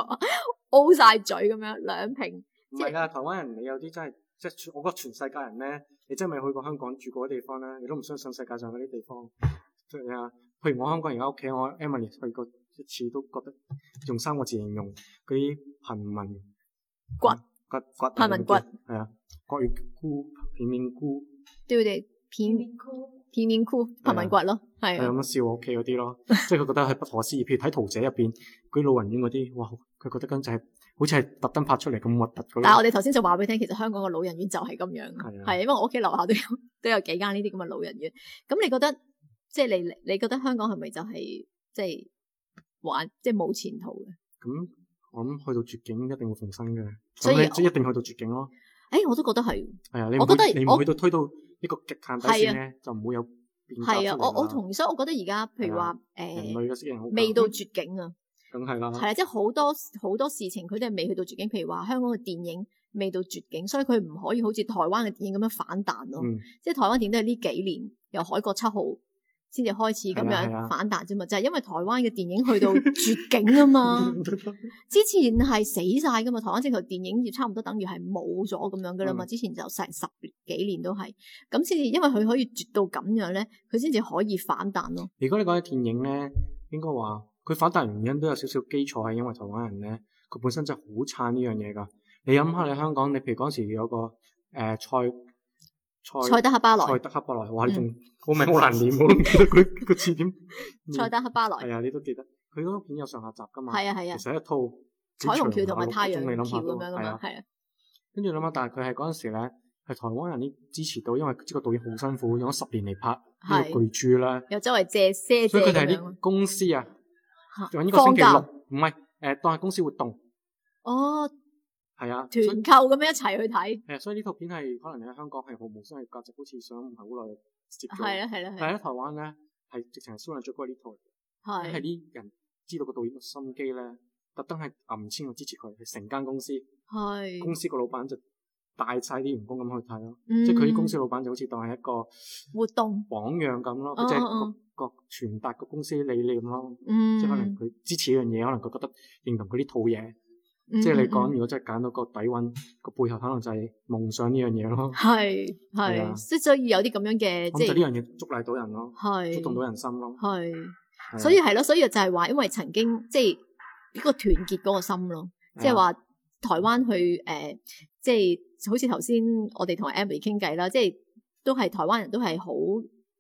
我嘔晒嘴咁樣兩瓶。唔係啊，台灣人你有啲真係，即係我覺得全世界人咧，你真係未去過香港住過啲地方咧，你都唔相信世界上嗰啲地方。即係啊，譬如我香港而家屋企，我 Emily 去過一次都覺得，用三個字形容嗰啲貧民，骨骨骨，貧民骨，係啊，骨與孤，貧民孤，對唔對？片面箍，片面箍，拍慢骨咯，係啊，有乜笑我屋企嗰啲咯，即係佢覺得係不可思議。譬如睇桃姐入邊佢老人院嗰啲，哇，佢覺得咁就係好似係特登拍出嚟咁核突。但係我哋頭先就話俾你聽，其實香港嘅老人院就係咁樣，係、啊，因為我屋企樓下都有都有幾間呢啲咁嘅老人院。咁你覺得，即係你你覺得香港係咪就係即係玩，即係冇前途嘅？咁我諗去到絕境一定逢生嘅，所以即係一定去到絕境咯。誒，hey, 我都覺得係。係啊，我覺得你唔去到推到。呢個極限底線咧，啊、就唔會有變。係啊，我我同意，所以我覺得而家譬如話，誒，未到絕境啊，梗係啦，係啦，即係好多好多事情佢都係未去到絕境。譬如話香港嘅電影未到絕境，所以佢唔可以好似台灣嘅電影咁樣反彈咯。嗯、即係台灣點都係呢幾年由《海角七號》。先至開始咁樣反彈啫嘛，就係因為台灣嘅電影去到絕境啊嘛， 之前係死晒噶嘛，台灣整個電影業差唔多等於係冇咗咁樣噶啦嘛，之前就成十幾年都係，咁先至因為佢可以絕到咁樣咧，佢先至可以反彈咯。如果你講起電影咧，應該話佢反彈原因都有少少基礎，係因為台灣人咧，佢本身真係好撐呢樣嘢噶。你諗下你香港，你譬如嗰時有個誒蔡，呃塞德克巴萊，塞德克巴萊，哇，你仲好名好難唸，我都記得佢個字點。塞德克巴萊，係啊，你都記得，佢嗰部片有上下集噶嘛？係啊係啊，其實一套彩虹橋同埋太陽橋咁樣噶係啊。跟住諗下，但係佢係嗰陣時咧，係台灣人啲支持到，因為呢個導演好辛苦，用咗十年嚟拍，呢個巨著啦，又周圍借些，所以佢哋係啲公司啊，仲有呢個星期六唔係誒，當係公司活動。哦。係啊，團購咁樣一齊去睇。誒，所以呢套片係可能喺香港係毫無商業價值，好似想唔係好耐接。係啦係啦。但喺台灣咧，係直情係收入最多呢套。係的。係啲人知道個導演嘅心機咧，特登係暗錢去支持佢，係成間公司。係的。公司個老闆就帶晒啲員工咁去睇咯，即係佢啲公司老闆就好似當係一個活動榜樣咁咯，即係各傳達個公司理念咯。嗯。即係可能佢支持一樣嘢，可能佢覺得認同佢啲套嘢。嗯嗯，即係你講，如果真係揀到個底蘊，個背後可能就係夢想呢樣嘢咯。係係，即、啊、所以有啲咁樣嘅，即係呢樣嘢觸動到人咯，觸是動到人心咯。係，啊、所以係咯，所以就係話，因為曾經即係呢個團結嗰個心咯，即係話台灣去誒，即、呃、係、就是、好似頭先我哋同 Amy 傾偈啦，即、就、係、是、都係台灣人都係好。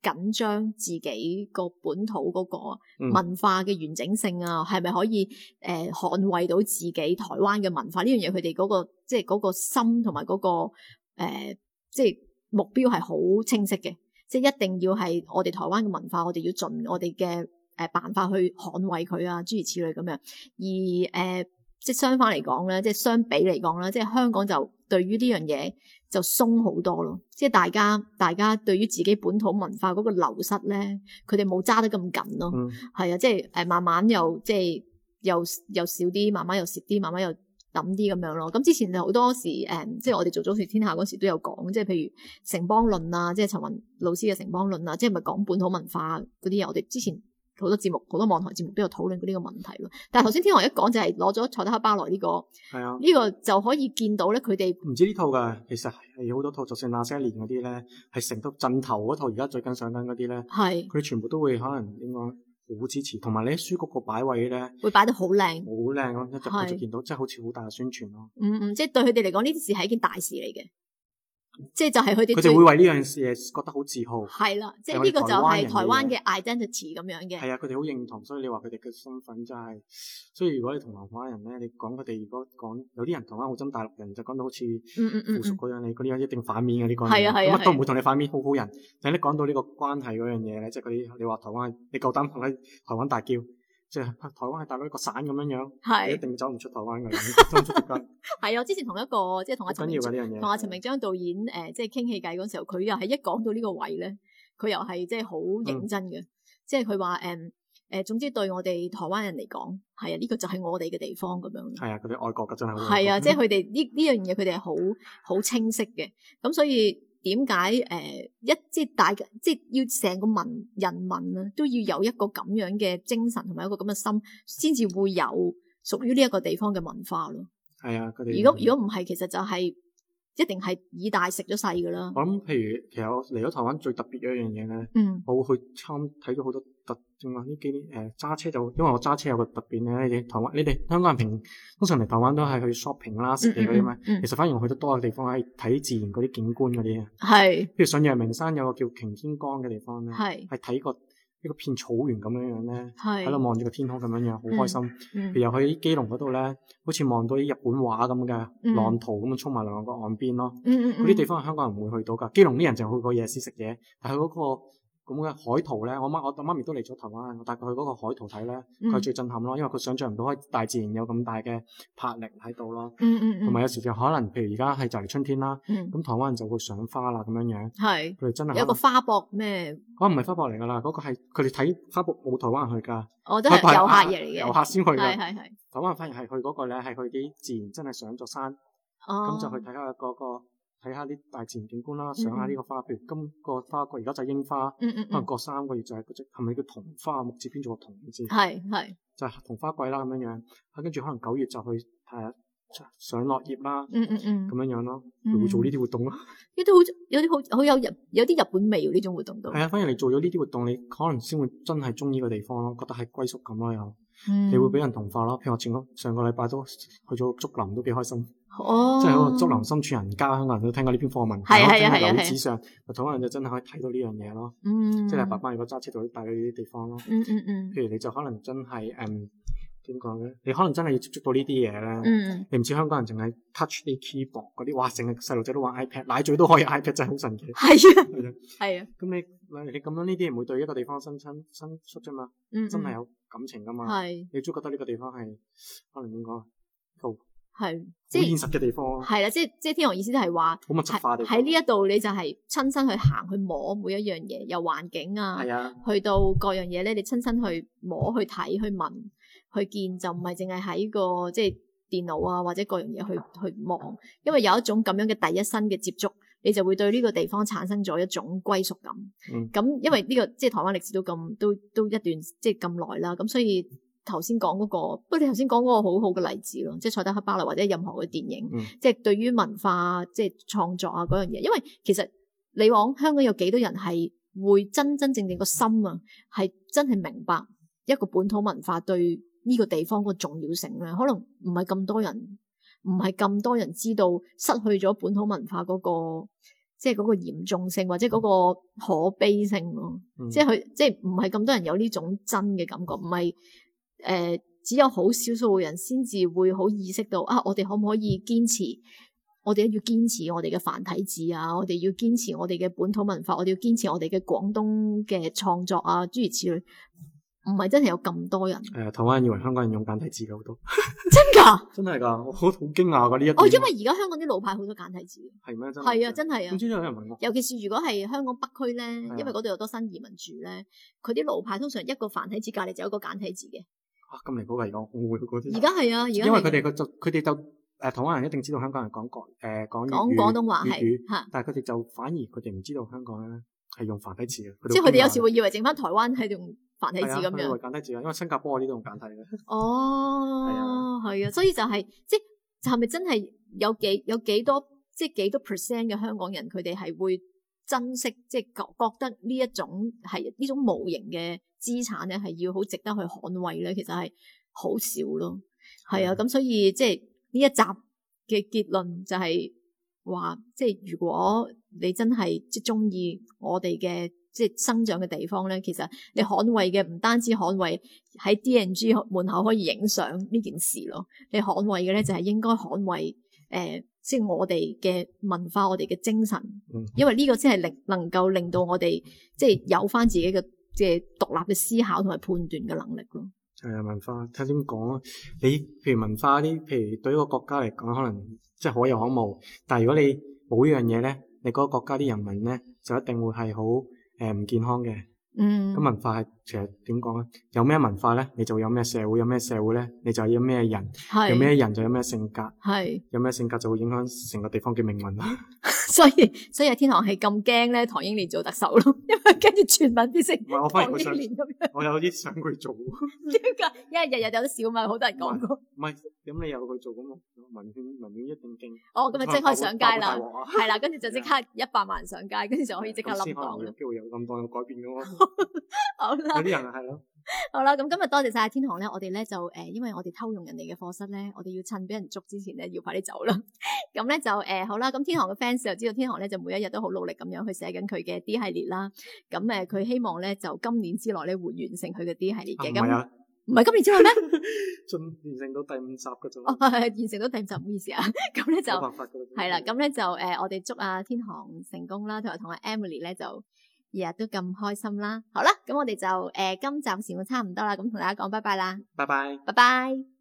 緊張自己個本土嗰個文化嘅完整性啊，係咪、嗯、可以誒捍衛到自己台灣嘅文化呢樣嘢？佢哋嗰個即係嗰個心同埋嗰個誒，即、呃、係、就是、目標係好清晰嘅，即、就、係、是、一定要係我哋台灣嘅文化，我哋要盡我哋嘅誒辦法去捍衛佢啊，諸如此類咁樣。而誒、呃，即係相反嚟講咧，即係相比嚟講啦，即係香港就對於呢樣嘢。就鬆好多咯，即係大家大家對於自己本土文化嗰個流失咧，佢哋冇揸得咁緊咯，係、嗯嗯、啊，即係誒慢慢又即係又又少啲，慢慢又蝕啲，慢慢又抌啲咁樣咯。咁之前好多時誒，即係我哋做《早時天下》嗰時都有講，即係譬如《城邦論》啊，即係陳雲老師嘅《城邦論》啊，即係咪講本土文化嗰啲嘢？我哋之前。好多節目，好多網台節目都有討論過呢個問題咯。但係頭先天航一講就係攞咗塞德克巴萊呢、呢個，呢、啊、個就可以見到咧，佢哋唔知呢套㗎。其實係好多套，就算那，那些年嗰啲咧，係成都陣頭嗰套，而家最近上緊嗰啲咧，係佢是全部都會可能應該好支持。同埋你喺書局個擺位咧，會擺得好靚，好靚咯。一集一集見到，即係是好似好大嘅宣傳咯。嗯嗯，即係對佢哋嚟講，呢啲事係一件大事嚟嘅。即係就係佢哋，佢哋會為呢樣嘢覺得好自豪。係啦，即係呢個就係台灣嘅 identity 咁樣嘅。係啊，佢哋好認同，所以你話佢哋嘅身份真係。所以如果你同台灣人咧，你講佢哋，如果講有啲人台灣好憎大陸人，就講到好似附屬嗰樣你嗰啲嘢一定反面嘅呢個。係啊，係啊，乜都唔會同你反面，好好人。但係你講到呢個關係嗰樣嘢咧，即係啲你話台灣，你夠膽同啲台灣大叫？即係台灣係大陸一個省咁樣樣，係是一定走唔出台灣嘅。走唔出係啊， 之前同一個即係同阿陳同阿陳明章導演誒、呃，即係傾戲偈嗰時候，佢又係一講到呢個位咧，佢又係即係好認真嘅。即係佢話誒誒，總之對我哋台灣人嚟講，係啊，呢、這個就係我哋嘅地方咁樣。係、嗯、 啊，佢哋愛國噶真係好。係啊，即係佢哋呢呢樣嘢，佢哋係好好清晰嘅。咁所以。 點解誒一即係大嘅即係要成個民人民啊都要有一個咁樣嘅精神同埋一個咁嘅心，先至會有屬於呢一個地方嘅文化咯。係啊、哎，如果如果唔係，其實就係、是、一定係以大食咗細噶啦。咁譬如其實我嚟咗台灣最特別嘅一樣嘢咧，嗯、我會去參睇咗好多。特點話呢幾啲誒揸車就，因為我揸車有個特別咧。你哋台灣，你哋香港人平通常嚟台灣都係去 shopping 啦食嘢嗰啲嘛。其實反而我去得多嘅地方係睇自然嗰啲景觀嗰啲啊。係。譬如上陽明山有個叫擎天崗嘅地方咧，係睇個一個片草原咁樣樣咧，喺度望住個天空咁樣樣，好開心。譬如去啲基隆嗰度咧，好似望到啲日本畫咁嘅浪濤咁樣衝埋嚟個岸邊咯。嗰啲地方香港人唔會去到㗎，基隆啲人就去過夜市食嘢，但係嗰個。咁嘅海圖咧，我媽我我媽咪都嚟咗台灣，我帶佢去嗰個海圖睇咧，佢最震撼咯，因為佢想像唔到喺大自然有咁大嘅魄力喺度咯，同埋 有時就可能譬如而家係就嚟春天啦，咁 台灣人就會賞花啦咁樣樣，佢哋是真係有個花博咩？可能唔係花博嚟噶啦，嗰、那個係佢哋睇花博冇台灣人去噶，我、哦、都係遊客嘢嚟嘅，遊客先去嘅，係係係。台灣人反而係去嗰個咧，係去啲自然真係上咗山，咁、哦、就去睇下嗰個。睇下啲大自然景觀啦，賞下呢個花譬如今個花季而家就係櫻花，過、嗯嗯嗯、三個月就係嗰隻係咪叫桐花？木字邊做個桐字？係係，就係桐花季啦咁樣樣。啊，跟住可能九月就去睇下上落葉啦，咁、嗯嗯嗯、樣樣咯，佢會做呢啲活動咯。呢啲、嗯嗯、 好有啲好好有日有啲日本味喎，呢種活動都係啊！反而你做咗呢啲活動，你可能先會真係中意個地方咯，覺得係歸宿咁咯又，嗯、你會俾人同化咯。譬如我前個上個禮拜都去咗竹林，都幾開心。哦，即係好，竹林深處人家，香港人都聽過呢篇課文，係係係，歷史上同一樣就真係可以睇到呢樣嘢咯。即係爸爸如果揸車到帶去呢啲地方咯。譬如你就可能真係，誒，點講咧？你可能真係要接觸到呢啲嘢咧。你唔似香港人淨係 touch 啲 keyboard 嗰啲，哇，成個細路仔都玩 ipad，奶嘴都可以 ipad，真係好神奇。係啊，係啊。咁你你咁樣呢啲唔會對一個地方生親生出啫嘛？真係有感情噶嘛？係，你都覺得呢個地方係可能點講？係即係現實嘅地方，係啦，即係即係天航意思都係話好密質喺呢一度你就係親身去行去摸每一樣嘢，由環境啊，係啊的，去到各樣嘢咧，你親身去摸去睇去聞去見，就唔係淨係喺個即係電腦啊或者各樣嘢去去望，因為有一種咁樣嘅第一身嘅接觸，你就會對呢個地方產生咗一種歸屬感。嗯，咁因為呢、這個即係台灣歷史都咁都都一段即係咁耐啦，咁所以。頭先講嗰個，不你頭先講嗰個好好嘅例子咯，即係《賽德克巴萊》啦，或者任何嘅電影，嗯、即係對於文化即係創作啊嗰樣嘢。因為其實你講香港有幾多人係會真真正正個心啊，係真係明白一個本土文化對呢個地方個重要性咧。可能唔係咁多人，唔係咁多人知道失去咗本土文化嗰、嗰個，即係嗰個嚴重性或者嗰個可悲性咯、嗯。即係佢即係唔係咁多人有呢種真嘅感覺，唔係。誒、呃，只有好少數嘅人先至會好意識到啊！我哋可唔可以堅持？我哋要堅持我哋嘅繁體字啊！我哋要堅持我哋嘅本土文化，我哋要堅持我哋嘅廣東嘅創作啊！諸如此類，唔係真係有咁多人。誒、啊，台灣人以為香港人用簡體字嘅好多， 真噶嗎？ 真係噶嗎？我好驚訝噶呢一哦，因為而家香港啲老派好多簡體字係咩？真係啊，真係啊。尤其是如果係香港北區咧，啊、因為嗰度有多新移民住咧，佢啲老派通常一個繁體字隔籬就有一個簡體字嘅。啊，咁離譜嚟講，我嗰啲而家係啊，而家因為佢哋個就佢哋就誒，台灣人一定知道香港人講國誒講講廣東話係，但係佢哋就反而佢哋唔知道香港咧係用繁體字嘅，即係佢哋有時會以為整翻台灣係用繁體字咁樣。係啊，簡體字啊，因為新加坡嗰啲都用簡體嘅。哦，係啊，所以就係即係係咪真係有幾有幾多即係幾多 percent 嘅香港人佢哋係會？珍惜即係覺覺得呢一種係呢種無形嘅資產咧，係要好值得去捍衛咧。其實係好少咯，係啊。咁所以即係呢一集嘅結論就係、是、話，即係如果你真係即係中意我哋嘅即係生長嘅地方咧，其實你捍衛嘅唔單止捍衛喺 DNG 門口可以影相呢件事咯，你捍衛嘅咧就係應該捍衛。誒、呃，即係我哋嘅文化，我哋嘅精神，嗯、因為呢個先係令能夠令到我哋即係有翻自己嘅即係獨立嘅思考同埋判斷嘅能力咯。係啊、嗯，文化睇點講？你譬如文化啲，譬如對一個國家嚟講，可能即係可有可無，但係如果你冇呢樣嘢咧，你嗰個國家啲人民咧就一定會係好誒唔健康嘅。嗯，咁文化係。其實點講咧，有咩文化咧，你就會有咩社會，有咩社會咧，你就有咩人，有咩人就有咩性格，有咩性格就會影響成個地方嘅命運啦。所以，所以天航係咁驚咧，唐英年做特首咯，因為跟住全民變成唐英年咁樣，我有啲想佢做。點解？因為日日有啲小問，好多人講。唔係，咁你有佢做咁啊？民怨，民怨一定勁。哦，咁咪，即刻上街啦。係啦，跟住就即刻一百萬上街，跟住就可以即刻冧檔咯。有機會有冧檔有改變噶嘛？好啦。有啲人係咯，啊、好啦，咁今日多謝晒天航咧，我哋咧就誒，因為我哋偷用人哋嘅課室咧，我哋要趁俾人捉之前咧，要快啲走啦、 嗯。咁咧就誒、嗯，好啦，咁天航嘅 fans 就知道天航咧，就每一日都好努力咁樣去寫緊佢嘅 D 系列啦。咁、嗯、誒，佢、嗯、希望咧就今年之內咧，會完成佢嘅 D 系列嘅。唔係啊，唔係、啊、今年之內咩？進 完成到第五集嘅啫， 完成到第五集，唔好意思啊。咁 咧、嗯 嗯、就冇辦法嘅，係啦。咁咧就誒、是，我哋祝阿天航成功啦，同埋同阿 Emily 咧就。日日都咁開心啦，好啦，咁我哋就誒、呃、今集時間差唔多啦，咁同大家講拜拜啦，拜拜，拜拜。